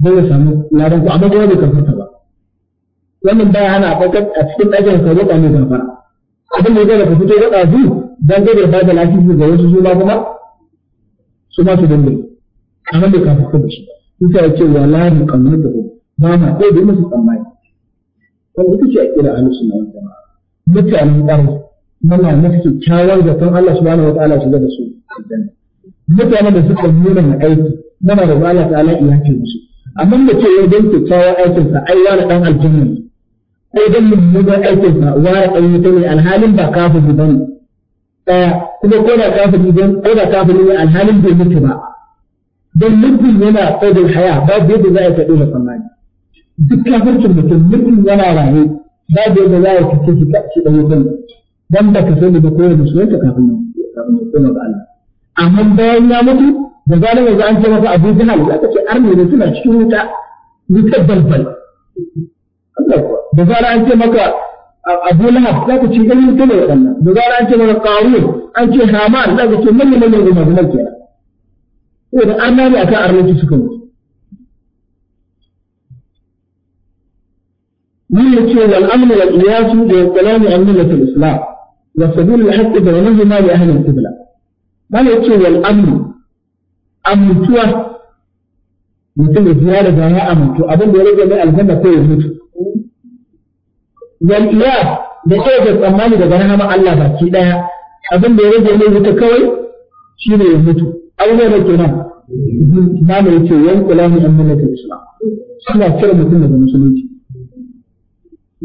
don ya samu ladan ku amma ba ka fata ba wannan baya hana a cikin ɗakin ka roƙa ne gafara abin da ya ka fito roƙa zu don gabar ba da lafisin ga wasu su ma kuma su ma su dinga amma bai ka fata da shi ba. Ita ya ce wala mu kamar da ba ma ko da musu tsammani. wanda kuke akira a nufin na wata mutanen ƙarni muna nufi kyakkyawar zaton Allah subhanahu wa ta'ala shiga da su aljanna mutanen da suka nuna na aiki muna da Allah ta'ala in yafe musu amma da ce yau don kyakkyawar aikin sa ai wani dan aljanna ne ko dan mummunan aikin sa wani dan wuta ne alhalin ba kafiri bane daya kuma ko da kafiri dan ko da kafiri ne alhalin bai mutu ba dan mutum yana qadul haya babu yadda za a yi da tsammani duk kafircin mutum mutum yana raye babu yadda za a kace shi ka ci dan wutan dan da ka sani ba koyar da su yanka kafin kafin ya koma ga Allah amma bayan ya mutu da zalama ga an ce masa Abu Jahal ya kace arme ne suna cikin wuta wutar balbal da zara an ce maka Abu Lahab za ka ci ganin wuta ne waɗannan da zara an ce maka Qarun an ce Haman za ka ce manyan manyan gumagunan kenan saboda arna ne akan arnanci suka mutu من يتشوى الأمر والإياس والكلام عن ملة الإسلام وسبيل الحق بينهما لأهل القبلة من يتشوى الأمر أمتوى مثل زيارة بها أمتوى أبن بيرجع من الجنة كوي المتوى والإياس بقية الأمان بينهما الله باكي لها أبن بيرجع من المتكوي شيء المتوى أولا بكنا ما يتشوى الكلام عن ملة الإسلام suna cire mutum daga musulunci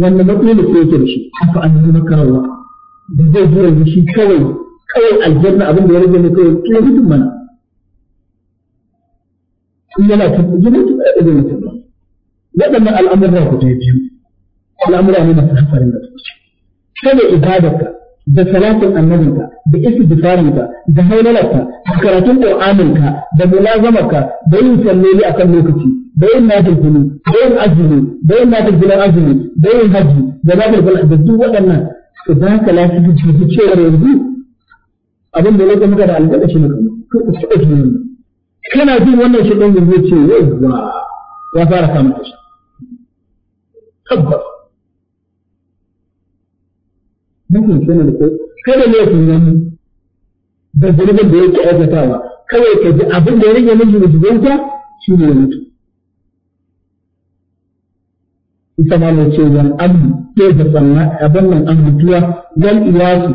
wanda matsayin da yake da shi haka an yi makararwa da zai ji da shi kawai kawai aljanna abin da ya rage ne kawai kila mutum mana in yana tafi gidan su ɗaya da mutum ba waɗannan al'amuran ku dai biyu al'amura ne masu hafarin da su kada ibadarka da salatin annabinka da istighfarinka da haulalaka da karatun qur'aninka da mulazamarka da yin salloli akan lokaci da yin nafil kulu da yin azumi da yin nafil haji da nafil kulu da duk waɗannan ka ba ka lafi jiki yanzu abin da lokacin muka da alƙada shi ne kuma jin wannan shi yanzu ce yawwa ya fara kama ta shi tabbas mutum shi ne da kai kada ne ku yi da ya rage miji da ne ya ita ma mai ce wal abdu ɗaya da tsanna abin nan an mutuwa wal iyaki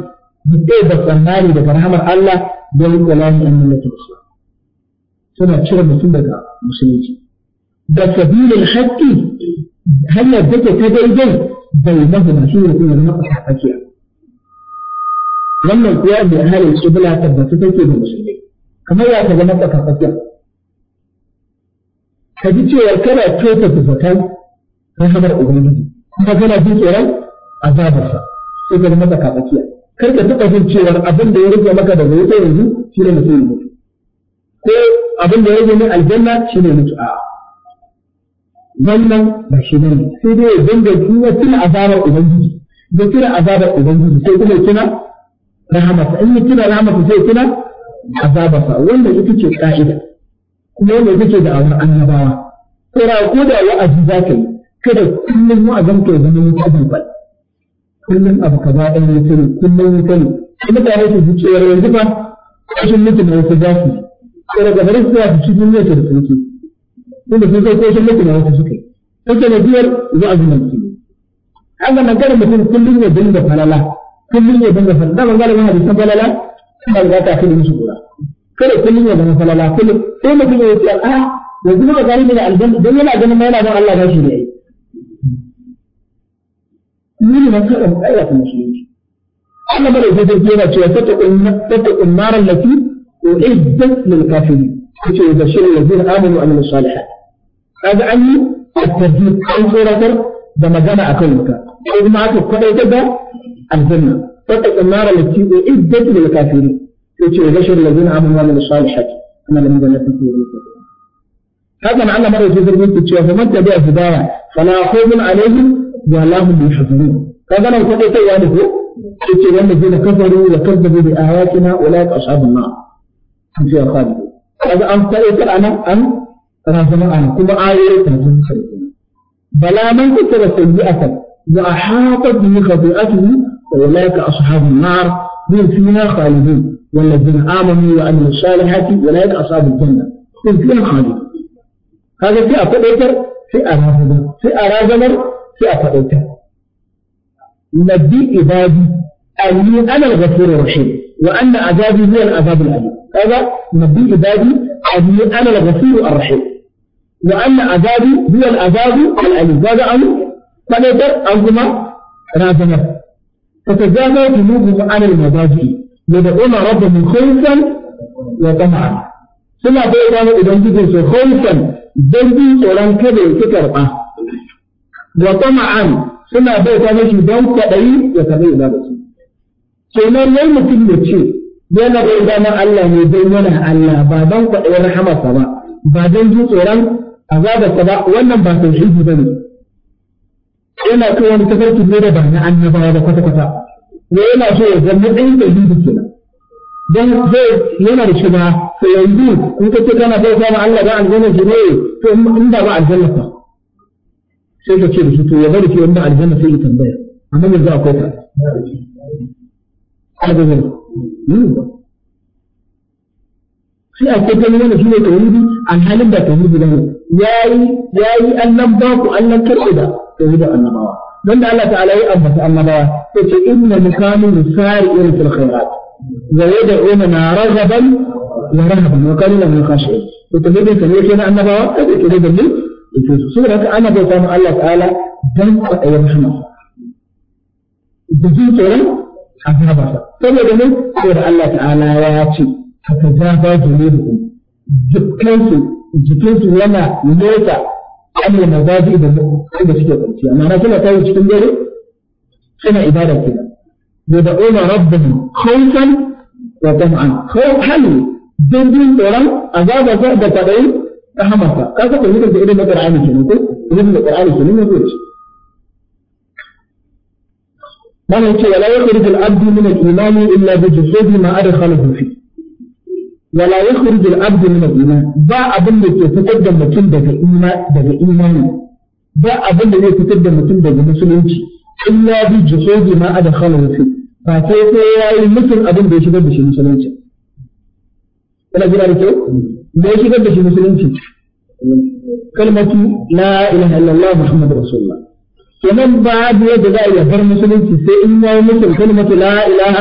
ɗaya da tsanna ne daga rahamar Allah da yi kwalani an millata musulma suna cire mutum daga musulunci da sabilin haƙƙi hanyar da ke ta daidai bai mahu na shi ne kuma zama ƙasa tsakiya wannan kuwa bai halin kibla tabbata take da musulmai kamar ya ta zama ƙasa ka ji cewa kana tota zubatai rahamar ubangiji kuma kana jin tsoron azabarsa sai ka masa kafakiya kar ka taɓa jin cewar abin da ya rage maka daga wuta yanzu shine mutum ya mutu ko abin da ya rage mai aljanna shine mutu a'a wannan ba shi bane sai dai ya dinga kuma tuna azabar ubangiji da tuna azabar ubangiji sai kuma tuna rahamarsa in ya tuna rahamarsa sai tuna azabarsa wannan ita ce ka'ida kuma wannan ita ce da'awar annabawa tsira ko da wa'azi za ka yi kada kullum wa'azin ka zama wuta bulbal kullum abu kaza ɗan ya sani kullum ya sani kuma tare su zuciyar yanzu fa kashin mutu na wasu zafi ko daga bari su zafi su duniya ta da sauki inda sun sai kashin mutum na wasu suke. yi sai sanadiyar wa'azin nan ke An nan kada mutum kullum ya dinga falala kullum ya dinga falala daman galibin hadisan falala suna da ta fi da musu gura kada kullum ya zama falala kullum sai mutum ya yi ce a yanzu ba gari ne aljanna don yana ganin ma yana don Allah ba shi ne مين كلهم أيها المسلمين الله بل يجب أن تتقوا النار التي أعدت للكافرين حيث يبشر الذين آمنوا وعملوا الصالحات هذا أي الترتيب أو صورة بمجانا أكلمك إذ معك القضاء ده الجنة تتقوا النار التي أعدت للكافرين حيث يبشر الذين آمنوا وعملوا الصالحات أنا لم يكن لكم هذا معنى مرة في ذلك فمن تبع هدايا فلا خوف عليهم ولا هم يحزنون kaga nan kwadai kai ya dubo yace wanda zai da kafaru da kazzabu bi ayatina wa la ashabun nar kun ce khalid kaga an kwadai kai anan an rahaman an kuma ayoyi ta sun ce bala man kutara sayyi'atan wa ahata bi khati'atihi wa la ashabun nar hum fiha khalidun والذين آمنوا وعملوا الصالحات أولئك أصحاب الجنة هم فيها خالدون هذا في أفضل في أراضي في أراضي في أفضلتها أنا الغفور الرحيم وأن عذابي هو العذاب الأليم هذا نبي عبادي أني أنا الغفور الرحيم وأن عذابي هو العذاب الأليم هذا أن فنبر أنهما رازنا فتزاد جنوبهم عن المضاجئ يدعون ربهم خوفا وطمعا ثم بيضان إذا انتجوا خوفا ذنبي ولن كبير تكرقه wa tama'an suna bai bauta mashi don kwaɗayi ya karɓi ibadarsu kenan wai mutum ya ce yana da ibadan Allah ne don yana Allah ba don kwaɗayin rahamarsa ba ba don jin tsoron azabarsa ba wannan ba tauhidi ba ne yana kai wani tafarki ne da ba na annabawa ba kwata-kwata ne yana so ya zama ɗayan tauhidi kenan don zai yana da shi ba yanzu in ka ce kana bai ma Allah ba aljanna shi ne to in ba ba aljanna sai ka ce da su to ya bari ke wanda aljanna sai ya tambaya amma yanzu akwai ta aljanna sai akwai ta wanda shi ne tauhidi alhalin ba tauhidi ba ne yayi yayi annan ba ku annan karɓe da tauhidin annabawa don da Allah ta'ala ya ambata annabawa sai ce inna nukanu musari'in fil khairat wa yad'una raghaban wa rahaban wa qalilan min khashi'in to tauhidin ta ne kenan annabawa sai ke da dalil to saboda haka ana bauta ma Allah ta'ala dan kwaɗayin rahama da jin tsoron azabarsa saboda ne saboda Allah ta'ala ya ce ka ta jaba jami'u jikinsu jikinsu yana nesa an yi mazaji da da suke kwanciya ma'ana suna tawo cikin dare suna ibada ke da da ona rabbin khawfan wa tam'an khawfan dan jin tsoron azabarsa da kwaɗayin rahamarsa ka ga tauhidin da irin na qur'ani kenan ko irin da qur'ani kenan ne ko ce mana yace wala yakhruju al-abdu min al-imani illa bi jusadi ma adkhalahu fi wala yakhruju al-abdu min al-iman ba abin da ke fitar da mutum daga daga imani ba abin da zai fitar da mutum daga musulunci illa bi jusadi ma adkhalahu fi ba sai sai yayi mutum abin da ya shigar da shi musulunci kana jira da kyau لي شيء قد شيء مسلم شيء كلمة لا إله إلا الله محمد رسول الله ومن بعد يدعى إلى غير مسلم شيء إما مسلم كلمة لا إله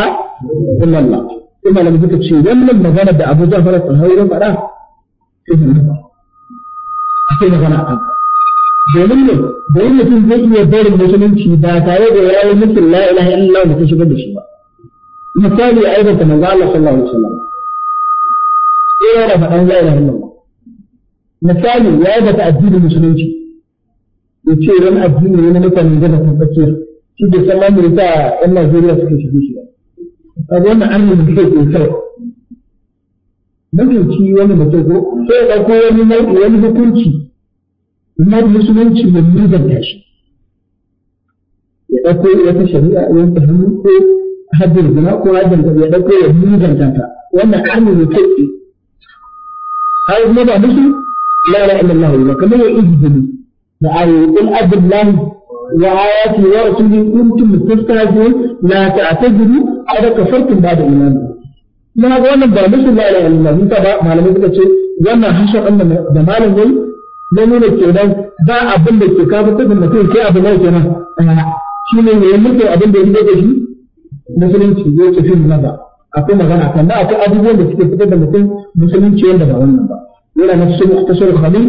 إلا الله إما لم يكتب شيء لم لم نظر بأبو جعفر الطهير برا كيف نظر أتي نظر أب دون الله دون الله تنزل إلى غير مسلم شيء باتاوي غير مسلم لا إله إلا الله مثل شيء قد شيء مثالي أيضا كما قال صلى الله عليه وسلم sai yana faɗan la ilaha illallah misali ya yi bata addinin musulunci ya ce ran addini ne na mutane gaba kan tsakiyar shi da san mamu ta yan Najeriya suka shige shi a wannan an yi da ke kai mabiyaci wani mutum ko sai ya ɗauko wani nau'i wani hukunci na musulunci mai da shi ya ɗauko wata shari'a wata hannu ko haddin zina ko haddin ya ɗauko ya nuzanta ta wannan an yi da kai ai muna musu la ilaha illallah ne kamar ya izini na ayo in abdullah wa ayati wa rasuli kuntum tastahzi'un la ta'tadiru qad kafartum ba'da iman na ga wannan ba musu la ilaha illallah mun ta ba malamai suka ce wannan hashar annan da malam na nuna kenan ba abin da ke kafa kudin mutum sai abu mai kenan shi ne ne mutum abin da ya yi da shi musulunci zai tafi akwai magana kan da akwai abubuwan da suke fitar da mutum musulunci wanda ba wannan ba yana na cikin muktasar khalil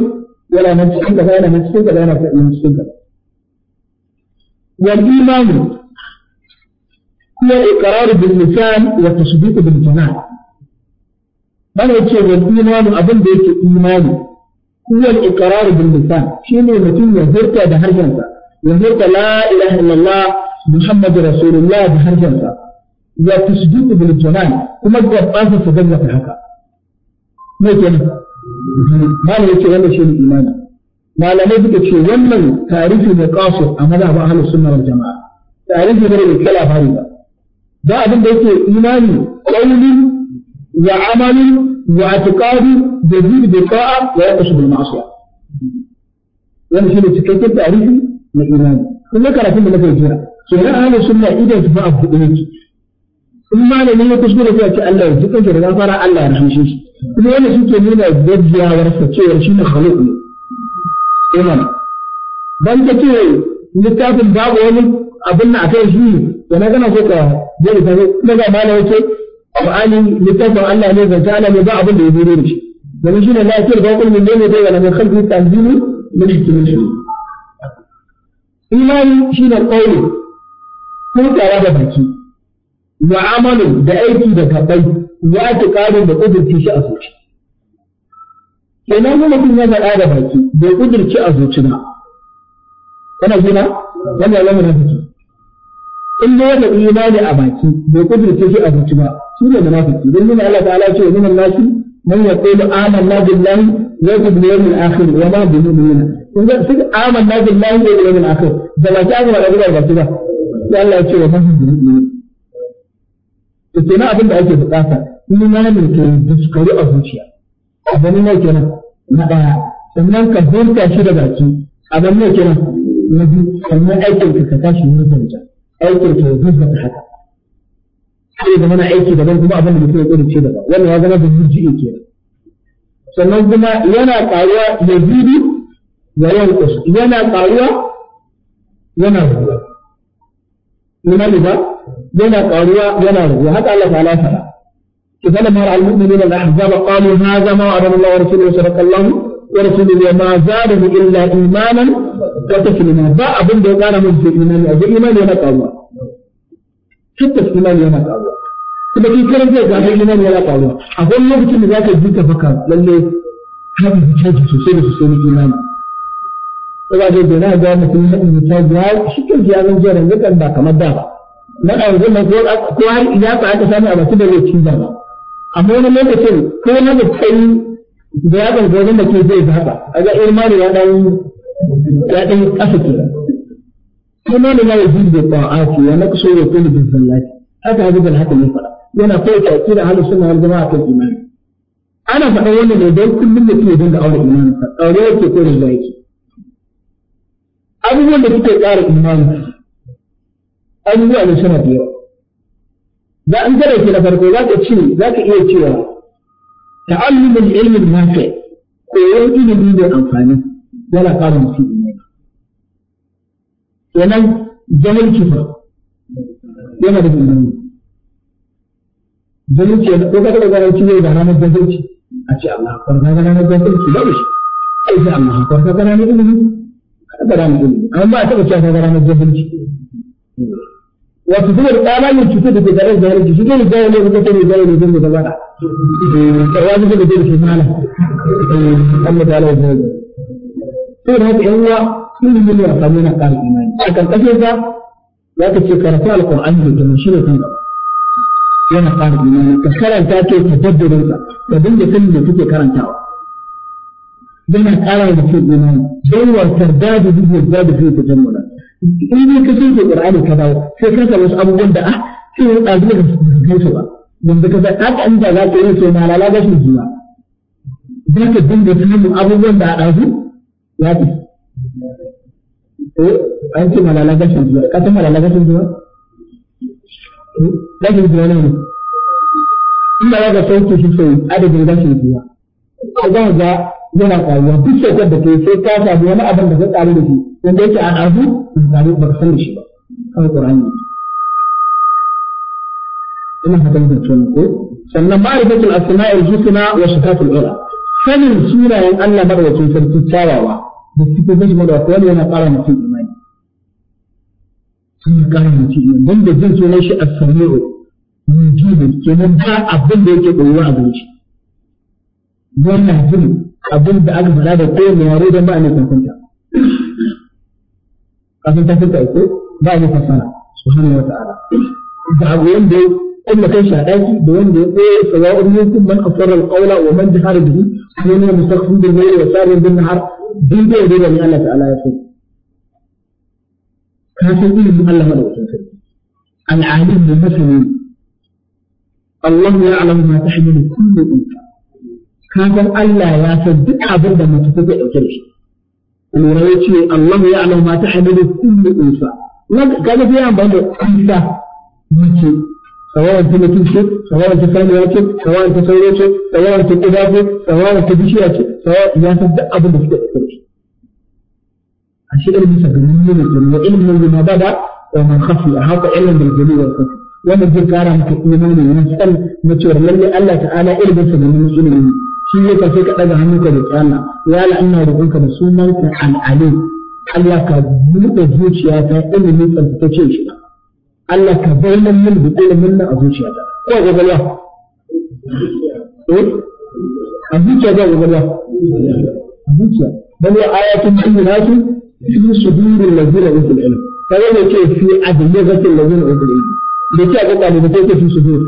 yana na cikin gaba yana na cikin gaba yana na cikin gaba wal imanu هو الإقرار باللسان والتصديق بالجنان bana yace wal imanu abin da yake imani huwa al iqrar bil lisan shine mutum ya furta da harshensa ya furta la ilaha illallah muhammadur rasulullah da harshensa wa tusdudu bil junan kuma gaban su gaggata haka me kenan malai yace wannan shi imani malamai suka ce wannan tarihi ne kasu a mazhabin ahlus sunna wal jamaa tarihi ne da kala fari ba da abin da yake imani qawli wa amali wa i'tiqadi da zid bi qa'a wa yaqsu bil ma'siya wannan shi ne cikakken tarihi na imani kuma karatun da muka jira so na ahlus sunna idan su ba abu da yake in ma malamin ya kuskure sai ce Allah ya tuka da gafara Allah ya rahmshe shi kuma yana shi ke nuna gaggiyawar sa cewa shi ne khaliq ne imam dan ta ce littafin babu wani abin na akai shi da na gana ko ka zai ta kuma ga malamin ce Qur'ani littafin Allah ne zanta Allah ne ba abin da ya zo shi domin shi ne lafiyar ba kullum ne ne daga nan kan duk tanzimi min hikimin shi imani shi ne kauli ko tsara da baki wa da aiki da za ta ƙarin da ƙudurci shi a zuci kenan kuma mutum faɗa da baki bai ƙudurci a zuci ba kana gina wannan lamarin fiki in dai ya imani a baki bai ƙudurce shi a zuci ba Su ne munafiki don nuna Allah ta'ala ce min nasi man yaqulu amanna billahi wa bil yawmil akhir wa ma bi mu'minin amanna da ba da to kenan abin da ake bukata ne ke duskari a zuciya abin ne kenan na daya sannan ka hurta shi da baki abin ne kenan na biyu sannan aikin ka ka tashi mutunta aikin ka ya zuba haka sai da mana aiki daban kuma abin da mutum ya kudu ce daban wannan ya zama da murji'i kenan sannan kuma yana karuwa ya zibi ya kusa yana karuwa yana zuwa ina ne ba بين قارية بين رضي هذا الله تعالى فلا فلما رأى المؤمنين الأحزاب قالوا هذا ما أرى الله ورسوله وصدق الله ورسوله ما زاده إلا إيمانا وتسليما باء بند وكان مجزي إيمان يأجي إيمان يمت الله حتى إيمان يمت الله لما كيف كانت يجعل إيمان يمت الله أقول الله بكي نزاك الزيكة فكان للي هذه بتحاجة سوسيرة سوسيرة إيمان وقال جيدنا جاء مثل المؤمن يتحاجة هاي شكل جاء من جاء من جاء من جاء من جاء من جاء من جاء na ɗanzu yanzu mai ko har ya ka aka sami a basu da zai ciza ba amma wani lokacin ko na da kai da ya kan gobin da ke zai zaba a ga irin irmani ya ɗan ya dan kasa ke kuma ne ya yi a ta'ati ya na kuso ya kullu bin sallati aka haɗu da haka ne fara yana kai ta kira halin sunna zama a kan imani ana faɗa wannan ne don kullum da ke dinga aure imanin sa aure yake ko zaki abubuwan da suke ƙara imanin abubuwa ne suna da yawa da an gare ki na farko za ka ce za ka iya cewa ta'allumul ilmin nafi koyon ilimi mai amfani wala kama mutum imani kenan jahilci fa yana da imani jahilci yana ko kada ga ranci zai da ranar jahilci a ce Allah akbar ga ranar jahilci ba shi ai sai Allah akbar ga ranar ilimi kada ranar ilimi amma ba ta ga ranar jahilci wato suna da tsananin cutar da ke tare da zalunci su ne zalunci ne kuma sai zalunci sun da bada karwa su suka ce da shi malam Allah ta'ala ya zalunci sai da haka yan uwa ilimin ya samu na ƙara imani a karkashin sa za ka ce karatu alƙur'ani da jama'a shi ne kan gaba yana ƙara imani ka karanta ke tafaddarin sa ka dinga sanin da kake karantawa yana ƙara da cin imani don warkar da da duk da da fiye da jammala in ne ka sauke Qur'ani ka dawo sai ka samu wasu abubuwan da ah sai ya su ba yanzu ka haka za ka yi ba shi zuwa za ka dinga samun abubuwan da a ya fi eh an ce ba shi zuwa ka san ba shi zuwa zuwa ne in ba za ka sauke shi adadin ba shi zuwa ko yana ƙaruwa duk shekar da kai sai ka samu wani abin da ka ƙaru da shi wanda yake a azu in ƙaru ba ka san da shi ba kawai qur'ani ina fatan da tun ko sannan ma'rifatul asma'il husna wa sifatul ula sanin sunayen Allah madawacin sarki kyawawa da sifofin shi wata wani yana fara mutum imani sun ƙara mutum imani don da jin sunan shi as-sami'u min jibin kenan ba abin da yake ɗoyuwa a zuci wannan jini abin da aka faɗa da kowane yare don ba a nufin kunta kafin ta kunta ko ba a nufin sana subhanahu wa ta'ala da abu wanda ya kulla kai shaɗaki da wanda ya koya sawa'un minkum man asarra alqawla wa man jahara bihi wa man mustaqim bil ghayri wa sarin bin nahar din da yare da ni Allah ta'ala ya so ka san ilimin Allah madaukakin sarki al'alim da masani Allah ya alamu ma tahmilu kullu insan san Allah ya san duk abin da mace take dauke da shi lura ya ce Allah ya alau ma ta hamilu kullu unsa kaga sai amfani da unsa mace sawa'an ta mutum ce sawa'an ta saniya ce sawa'an ta sauro ce sawa'an ta kuda ce sawa'an ta bishiya ce sawa'an ya san duk abin da take dauke da shi a shi ilmin sa ganin yin jami'a ilmin zama ba da wa man khafi a haka ilmin da gani wa khafi wannan zai kara maka imani ne san na cewa lalle Allah ta'ala ilmin sa ganin ilimin shi ya kace ka daga hannunka da tsalla ya la ina roƙonka da sunanka Allah ka buɗe zuciya ta ilimin tsantsace shi Allah ka bayyana min da ilimin nan a zuciya ta ko ga gaba eh a zuciya ga gaba a zuciya bal ya ayatun bayyinatu fi sudurin ladina utul ilm kaga ne ce fi adlizatil ladina utul ilm da ke a gaba da ke fi sudur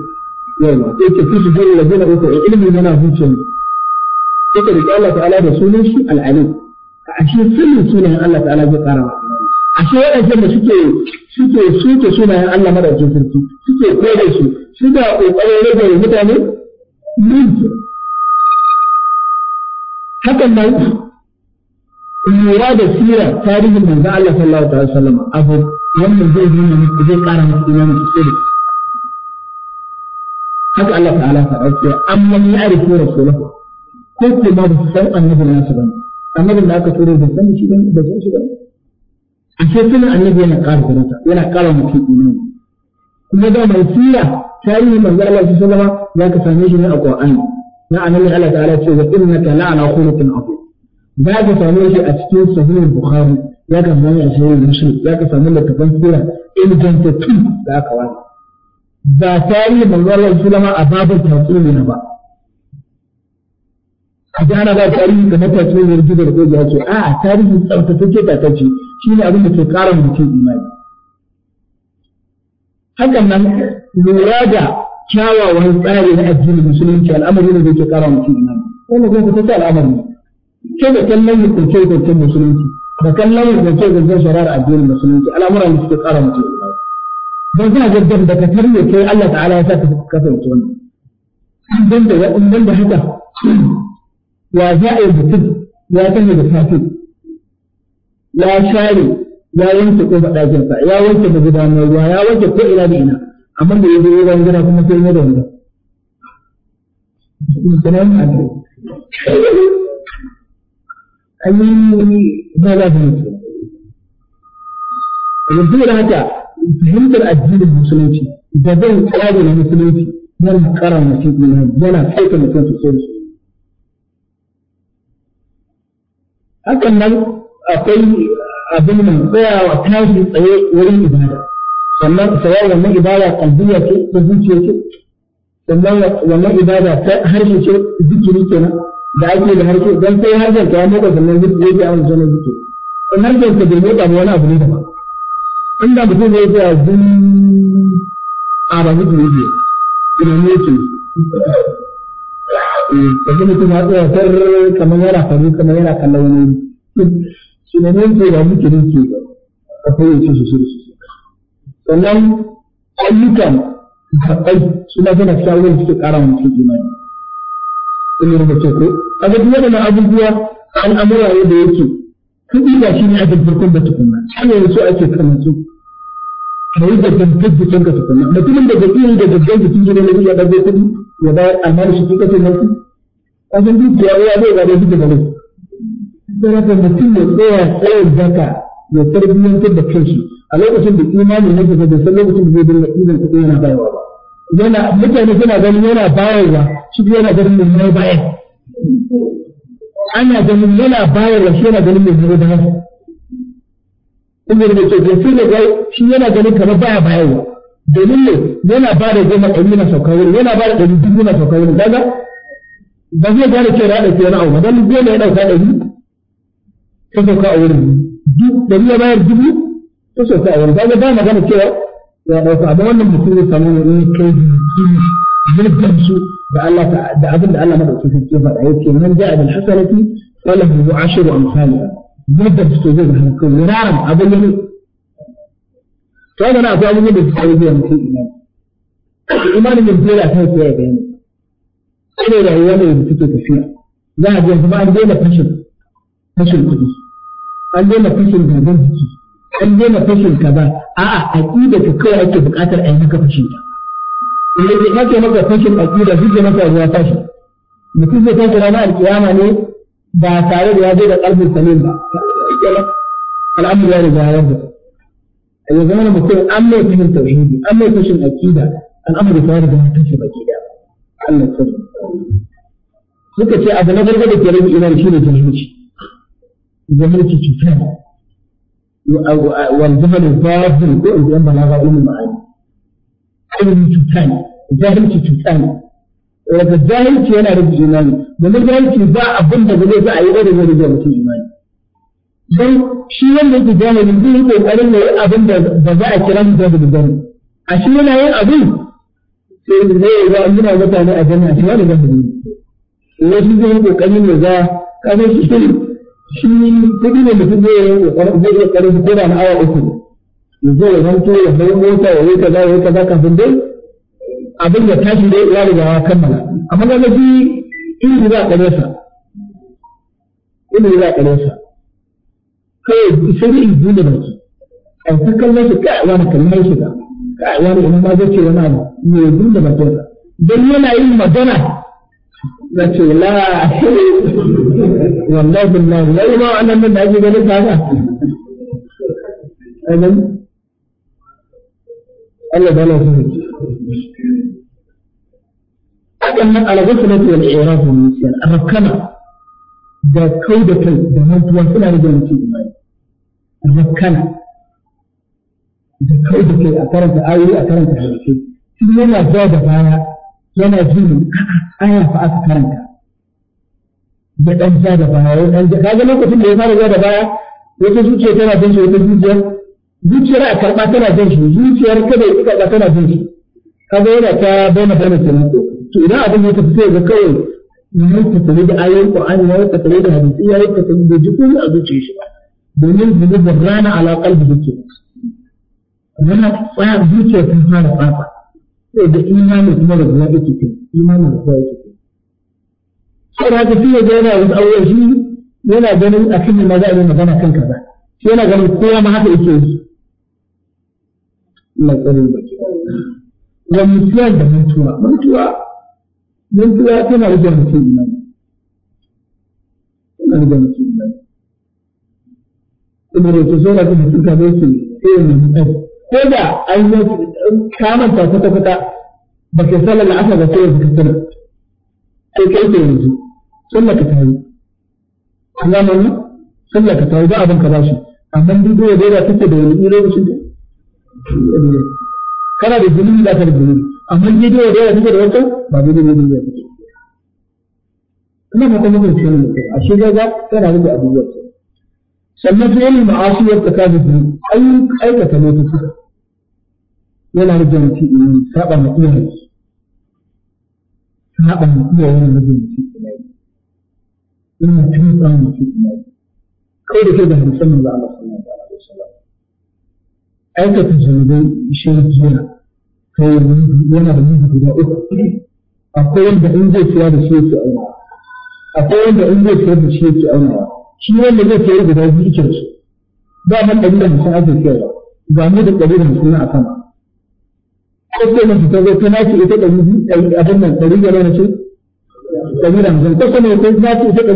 yawa ke fi sudur ladina utul ilm ilmi yana zuciya suka riƙe Allah ta'ala da sunan shi al'alim ashe sanin sunayen Allah ta'ala zai ƙara ashe waɗancan da suke suke suke sunayen Allah madaukin sarki suke kore su suka ƙoƙarin rage mutane mulki hakan nan lura da sira tarihin manzo Allah sallallahu alaihi wasallam abu wannan zai nuna muku zai ƙara muku imani sosai haka Allah ta'ala ta ce amman ya'rifu rasulahu ko ko ma ba su san annabin nasu ba annabin da aka tura da san shi dan da san shi ba a ce sunan annabi yana ƙara daraja yana ƙara mutum imani kuma da mai sira tarihi manzo Allah sallallahu alaihi wasallam zaka same shi ne a Qur'ani na annabi Allah ta'ala ce wa innaka la'ala khuluqin azim ka same shi a cikin sahih bukhari zaka same shi a sahih muslim zaka same littafin sira ingantattun da aka wani ba tarihi manzo Allah sallallahu alaihi wasallam a babin tatsuniya ba ka ji ana ba tarihi da matace ne rigida da gobe ce a tarihi tsaftatacce tatacce shine abin da ke kara mutum imani hakan nan lura da kyawawan tsari na addinin musulunci al'amari ne da ke kara mutum imani wannan kuma kusa al'amari ne ke da kallon hukunce hukuncen musulunci da kallon hukunce hukuncen shari'ar addinin musulunci al'amuran da suke kara mutum imani Ba za ga dan da ka tarbe kai Allah ta'ala ya sa ka kasance wannan dan da ya umman haka ya za yi mutum ya sanya da safe, ya share ya wanke kofar ɗakinsa ya wanke magudanar ruwa ya wanke ko ina da ina amma da ya zo ya kuma sai ya da wanda an yi ba za su mutu yanzu da haka fahimtar addinin musulunci da zai tsari na musulunci yana kara mutum yana kaita mutum sosai da sosai hakan nan akwai abin nan tsayawa tashi tsaye wurin ibada sannan tsaya wannan ibada kalbiya ce ta zuciya ce sannan wannan ibada ta harshe ce zikiri kenan da ake da harshe dan sai harshen ta ya motsa sannan zikiri ya amince na zikiri in harshen ta bai motsa ba wani abu ne daban inda mutum zai a zun a ba zikiri ne ina ne ke yanzu mutum ya tsaya sar kamar yana faru kamar yana kallon wani su ne nan sai muke ne ke a fayyace su su su sannan ayyukan zaɓai su ma suna suke ƙara mutum imani sun yi rubuce ko a ga duk waɗannan abubuwa al'amura ne da yake kuɗi ba shi ne a farkon da tukunna shi ne yanzu ake kan su yi da dantar jikin ka tukunna mutumin da ga iya da dantar jikin gina ne ya ɗago kuɗi ya bayar amma da shaƙiƙatin nafsi a san dukiya ya zai gare su da gare sarrafa mutum ya tsaya tsayar zaka ya tarbiyyantar da kanshi a lokacin da imanin na gaba da san lokacin da zai dinga idan kuɗi yana bayarwa ba yana mutane suna ganin yana bayarwa shi yana ganin mai mai bayar ana ganin yana bayarwa shi yana ganin mai mai bayar. Inda da ke gafi da shi yana ganin kamar baya bayarwa. domin ne yana ba da goma ɗari yana sauka wani yana ba da ɗari duk yana sauka wani daga ba zai gane cewa ya ɗauki wani abu ba don goma ya ɗauka ɗari ta sauka a wurin duk ɗari ya bayar dubu ta sauka a wurin daga ba magana cewa ya ɗauka amma wannan mutum zai samu wani kai zurfin su da Allah da abin da Allah madaukakin sarki ya faɗa yake nan ja'a bil hasanati falahu ashru amsalha yadda su zai ga hankali raram abin to haka na akwai abubuwan da suka kawo zuwa mutum imani to imanin yanzu yana kan su ya bayani sai da rayuwa da yanzu take tafiya za a biya kuma an daina fashin fashin kuɗi an daina fashin gaban jiki an daina fashin kaza a'a aqida ta kawai ake buƙatar a yi maka fashin ta idan ya kace maka fashin aqida shi ke maka ruwa fashin mutum zai tashi ranar alkiyama ne ba tare da ya zo da ƙarfin sanin ba al'amuri ya riga ya yarda ya zama na mutum an mai fashin tauhidi an mai fashin aqida An ta riga da tashi baki da Allah sun suka ce abu na gargada ke rage iman shi ne jahilci jahilci cuta wal jahal zahir ko in yan balaga ilmi ma'ani ilmi cuta ne jahilci cuta ne daga jahilci yana rage imani domin jahilci ba abin da zai za a yi irin rage mutum dan shi wanda yake jahilin zai yi kokarin da yi abin da ba za a kira shi da bane a shi yana yin abin sai ne yi ga yana mutane a jami'a shi wanda ne yi wasu zai yi kokarin za ka kamar shi shi shi kudi ne mutum zai yi kokarin zai yi ko da na awa uku ya zo ya zanto ya bai mota ya yi kaza ya yi kaza kafin dai abin da tashi dai ya riga ya kammala amma ga shi inda za a kare sa inda za a kare sa فيد شريء الدين بنتي أو تكلمت كأعوان كلمات كذا كأعوان إنما جت لنا من الدين بنتي دلنا إلى مدنا نقول لا والله بالله لا يبغى أنا من أجيب لك هذا أنا الله بلا فهمت أنا على غفلة والإعراف والمسكين أنا كما ذا كودة ذا هم توافل على جانبي tazakkana da kai da ke a karanta ayoyi a karanta hadisi tun yana ja da baya yana jin aya fa aka karanta ya dan ja da baya ya dan ja kaga lokacin da ya fara ja da baya wata zuciya tana jin shi wata zuciya zuciyar a karba tana jin shi zuciyar kada ya karba tana jin shi kaga yana ta bayyana bayyana kenan to idan abin ya tafi sai ga kawai mun tafi da ayoyin Qur'ani ya yi tafi da halittu. ya tafi da jikun a zuciyar shi ba domin zuba rana ala da yake rana ƙwaya zuciya sun fara sai da imanin kuma da zuwa yake kai imanin da zuwa yake kai sai da haka shi ne yana wasu aure shi yana ganin a kan yana za a yi magana kan kaza shi yana ganin kowa ma haka yake yi Allah tsarin baki wa da mutuwa mutuwa mutuwa rage mutum imani rage mutum rubutu sura ta mutum ka zo su ko da an yi ta kwata kwata ba ka sala na asa ba sai yanzu ka sala kai ke yanzu sallah ka tayi an gama nan ka tayi ba abin ka bashi amma duk da yadda take da wani irin shi kana da zulmi da ka da amma duk da yadda take da wata ba da zulmi da take ina fata mutum ce ne a shi gaza yana da abubuwa sannan fi'il ma'asi wa tsakanin biyu an aikata laifuka yana rage mutum ilimi saba ma iyaye saba ma iyaye yana rage mutum ilimi yana tuntsa mutum ilimi kai da kai da hadisan manzo Allah sallallahu alaihi wasallam aikata zunubai shirkiya kai yana da mutum guda uku akwai wanda in zai tsaya da shi yake aunawa akwai wanda in zai tsaya da shi yake aunawa shi wanda zai sayar guda biyu ke su ba mu ɗari da hamsin ake sayarwa ga mu da ɗari da hamsin a sama kwaskwai mun ta zo ta nace ita ɗari abin nan ɗari da rana ce ɗari da hamsin kwaskwai mun ita ɗari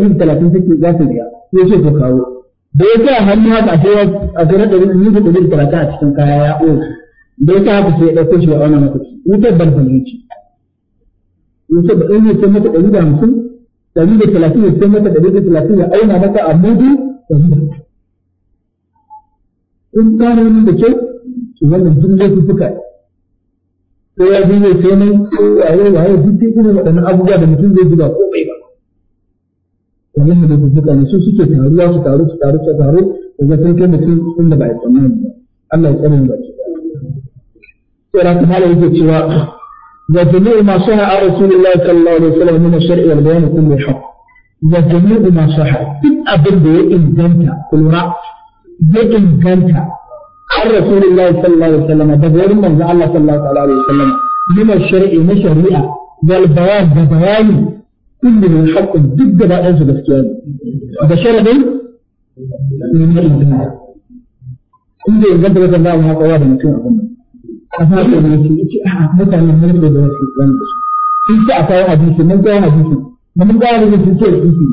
da talatin take za ta biya ya ce ta kawo da ya sa hannu haka a sai a sai da nufin ɗari da talatin a cikin kaya ya da ya sa haka sai ya ɗauko shi a wannan lokaci wutar barfan ya ba mata ɗari da ɗari da talatin ya mata ɗari da talatin ya auna mata a mudu da mudu in wani da kyau to wannan duk laifuka ko ya je sai mai waye waye duk dai irin waɗannan abubuwa da mutum zai duba ko bai ba wannan da laifuka ne su suke taruwa su taru su taru su taru daga sun kai mutum inda ba ya tsammani ba Allah ya tsare mu baki ɗaya. Sai ra ta yake cewa جميع ما صح رسول الله صلى الله عليه وسلم من الشرع والبيان كل الحق جميع ما صح إن أبن بي إن كنت كل رأس بي إن كنت عن رسول الله صلى الله عليه وسلم بغير من الله صلى الله عليه وسلم من الشرع مشريعة والبيان ببيان كل الحق ضد ما أنزل اختيار بشرع من الإنتماء كل يجب أن الله هذا واضح a ne da yake yace a mutanen mun da wasu wani da su sun ce a kawo hadisi mun kawo hadisi da mun kawo hadisi sun ce hadisi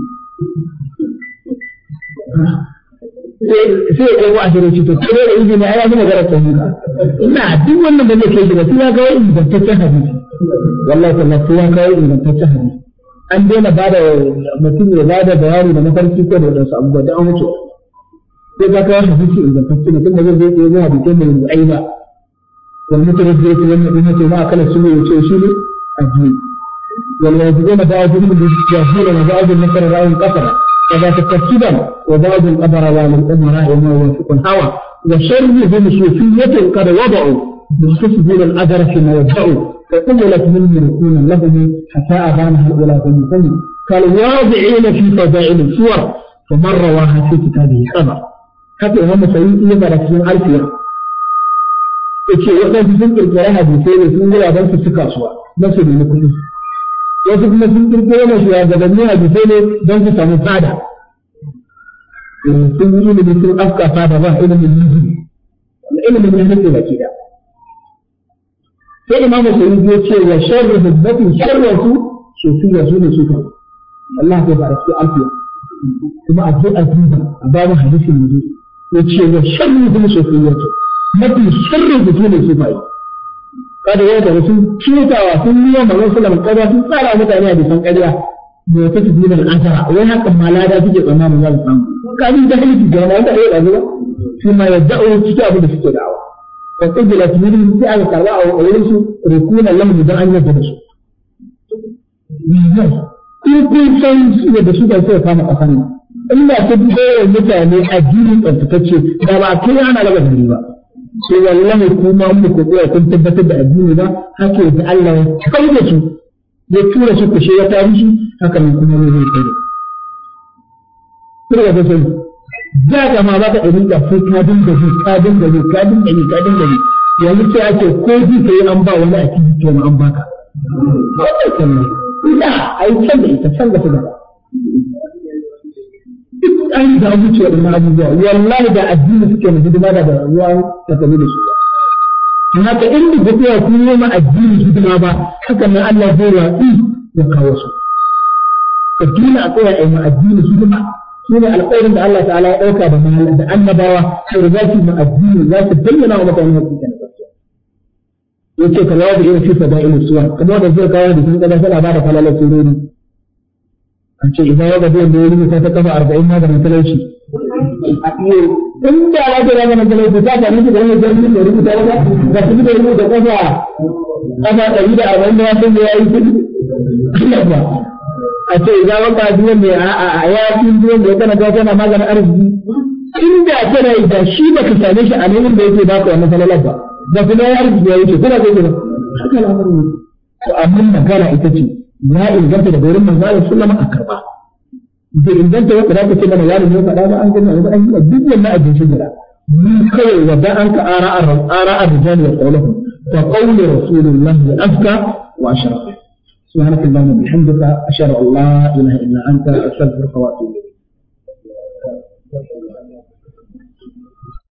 sai ya kawo ashirin cikin to kare da izini ai yana magana ta hanga ina duk wannan da nake shiga sai ya kawo ingantaccen hadisi wallahi tallahi sai ya kawo ingantaccen hadisi an daina ba da mutum ya da bayani da mafarki ko da wadansu abubuwa da an wuce sai ka kawo hadisi ingantacce mutum da zai zai zai hadisi mai yanzu ai ba والمتردية والمؤمنة ما أكل السوء وشيشيل الدين والواجبون بعضهم للجاهلون بعض النصر رأي قصر فذاك تفسدا وبعض الأبرى والأمراء وما يوافق الهوى وشرهم صوفية قد وضعوا يحتسبون الأجر فيما يدعوا فقبلت منهم ركونا لهم حتى أبان هؤلاء المسلمين كالواضعين في فضائل الصور فمن رواها في كتابه خبر حتى هم سيئين إذا رسلوا ألفين yace waɗansu sun kirkira hadisai da sun gura ban su ci kasuwa don su nemi kuɗi wasu kuma sun kirkira na shugabanni hadisai ne don su samu fada eh, sun yi ilimi sun afka fada ba ilimin yanzu ilimin ya hanke baki da sai imam shayin ya ce wa sharri hizbati sharratu sufiya su ne sufa Allah ya bada su alfiya kuma a zo a a babu hadisin yanzu ya ce wa sharri hizbati sufiyatu mafi sirrin su ne kada ya da sun cutawa sun yi wa wasu sallam sun tsara mutane a bisan kariya ne ta su dinar asara wai haka ma suke tsammanin za su samu kafin da halittu ga wanda ya ɗazu ba shi ma ya da'o cikin abin da suke da'awa فقبل تميل yi أن ترى أو أولس ركون لهم بدأ da يدرسوا كل كل شيء يدرسوا كيف يفهم أخاني mutane a المتعني أجيب أن تكتشي kai ana lagar ba. ce wallahi kuma in ku tsaya kun tabbatar da addini ba haka da Allah ya kai su ya tura su ku shiga tarihi haka nan kuma zai kai da Kuma sai da ga ma ba ka ɗari da sai ka dinga ji ka dinga ji ka dinga ji ka dinga ji yanzu sai ake ko ji kai an ba wani a cikin kenan an baka. Wannan kenan. Ina ai can da ita can da su gaba. an da wuce waɗannan abubuwa wallahi da addini suke na hidima da rayuwa ta tafi da shi ba haka in da tafiya kun yi ma addini hidima ba haka nan Allah zai watsi ya kawo su ka dole a tsaya a yi ma addini hidima shine alƙawarin da Allah ta'ala ya ɗauka da mahalar da annabawa sai da zaki ma addini za su bayyana wa mutane hakika na gaskiya yace ka rawu da irin fi fada'il suwa kuma da zai kawo da sun kada sai labarin falalar surori an ce idan ya gaji da ya ta kafa arba'in maganin talauci da talauci ta da jirgin da rubuta wata ga su da rubuta kafa kafa ɗari da arba'in da da ya yi a ce idan a da maganin arziki inda kana yi da shi same shi a nemin da yake baka wannan ba da ya yi ce zai gina haka ne. to amma magana ita ce ya inganta da gurin manzo Allah sallama a karba da inganta wanda zaka ce mana yaro ne faɗa ba an gina ba an gina duk wannan abin shi gura ni kawai wanda an ka ara ara arjani wa qawluhum fa qawlu rasulullahi afka wa ashraf subhanaka allahumma bihamdika ashhadu an la ilaha illa anta astaghfiruka wa atubu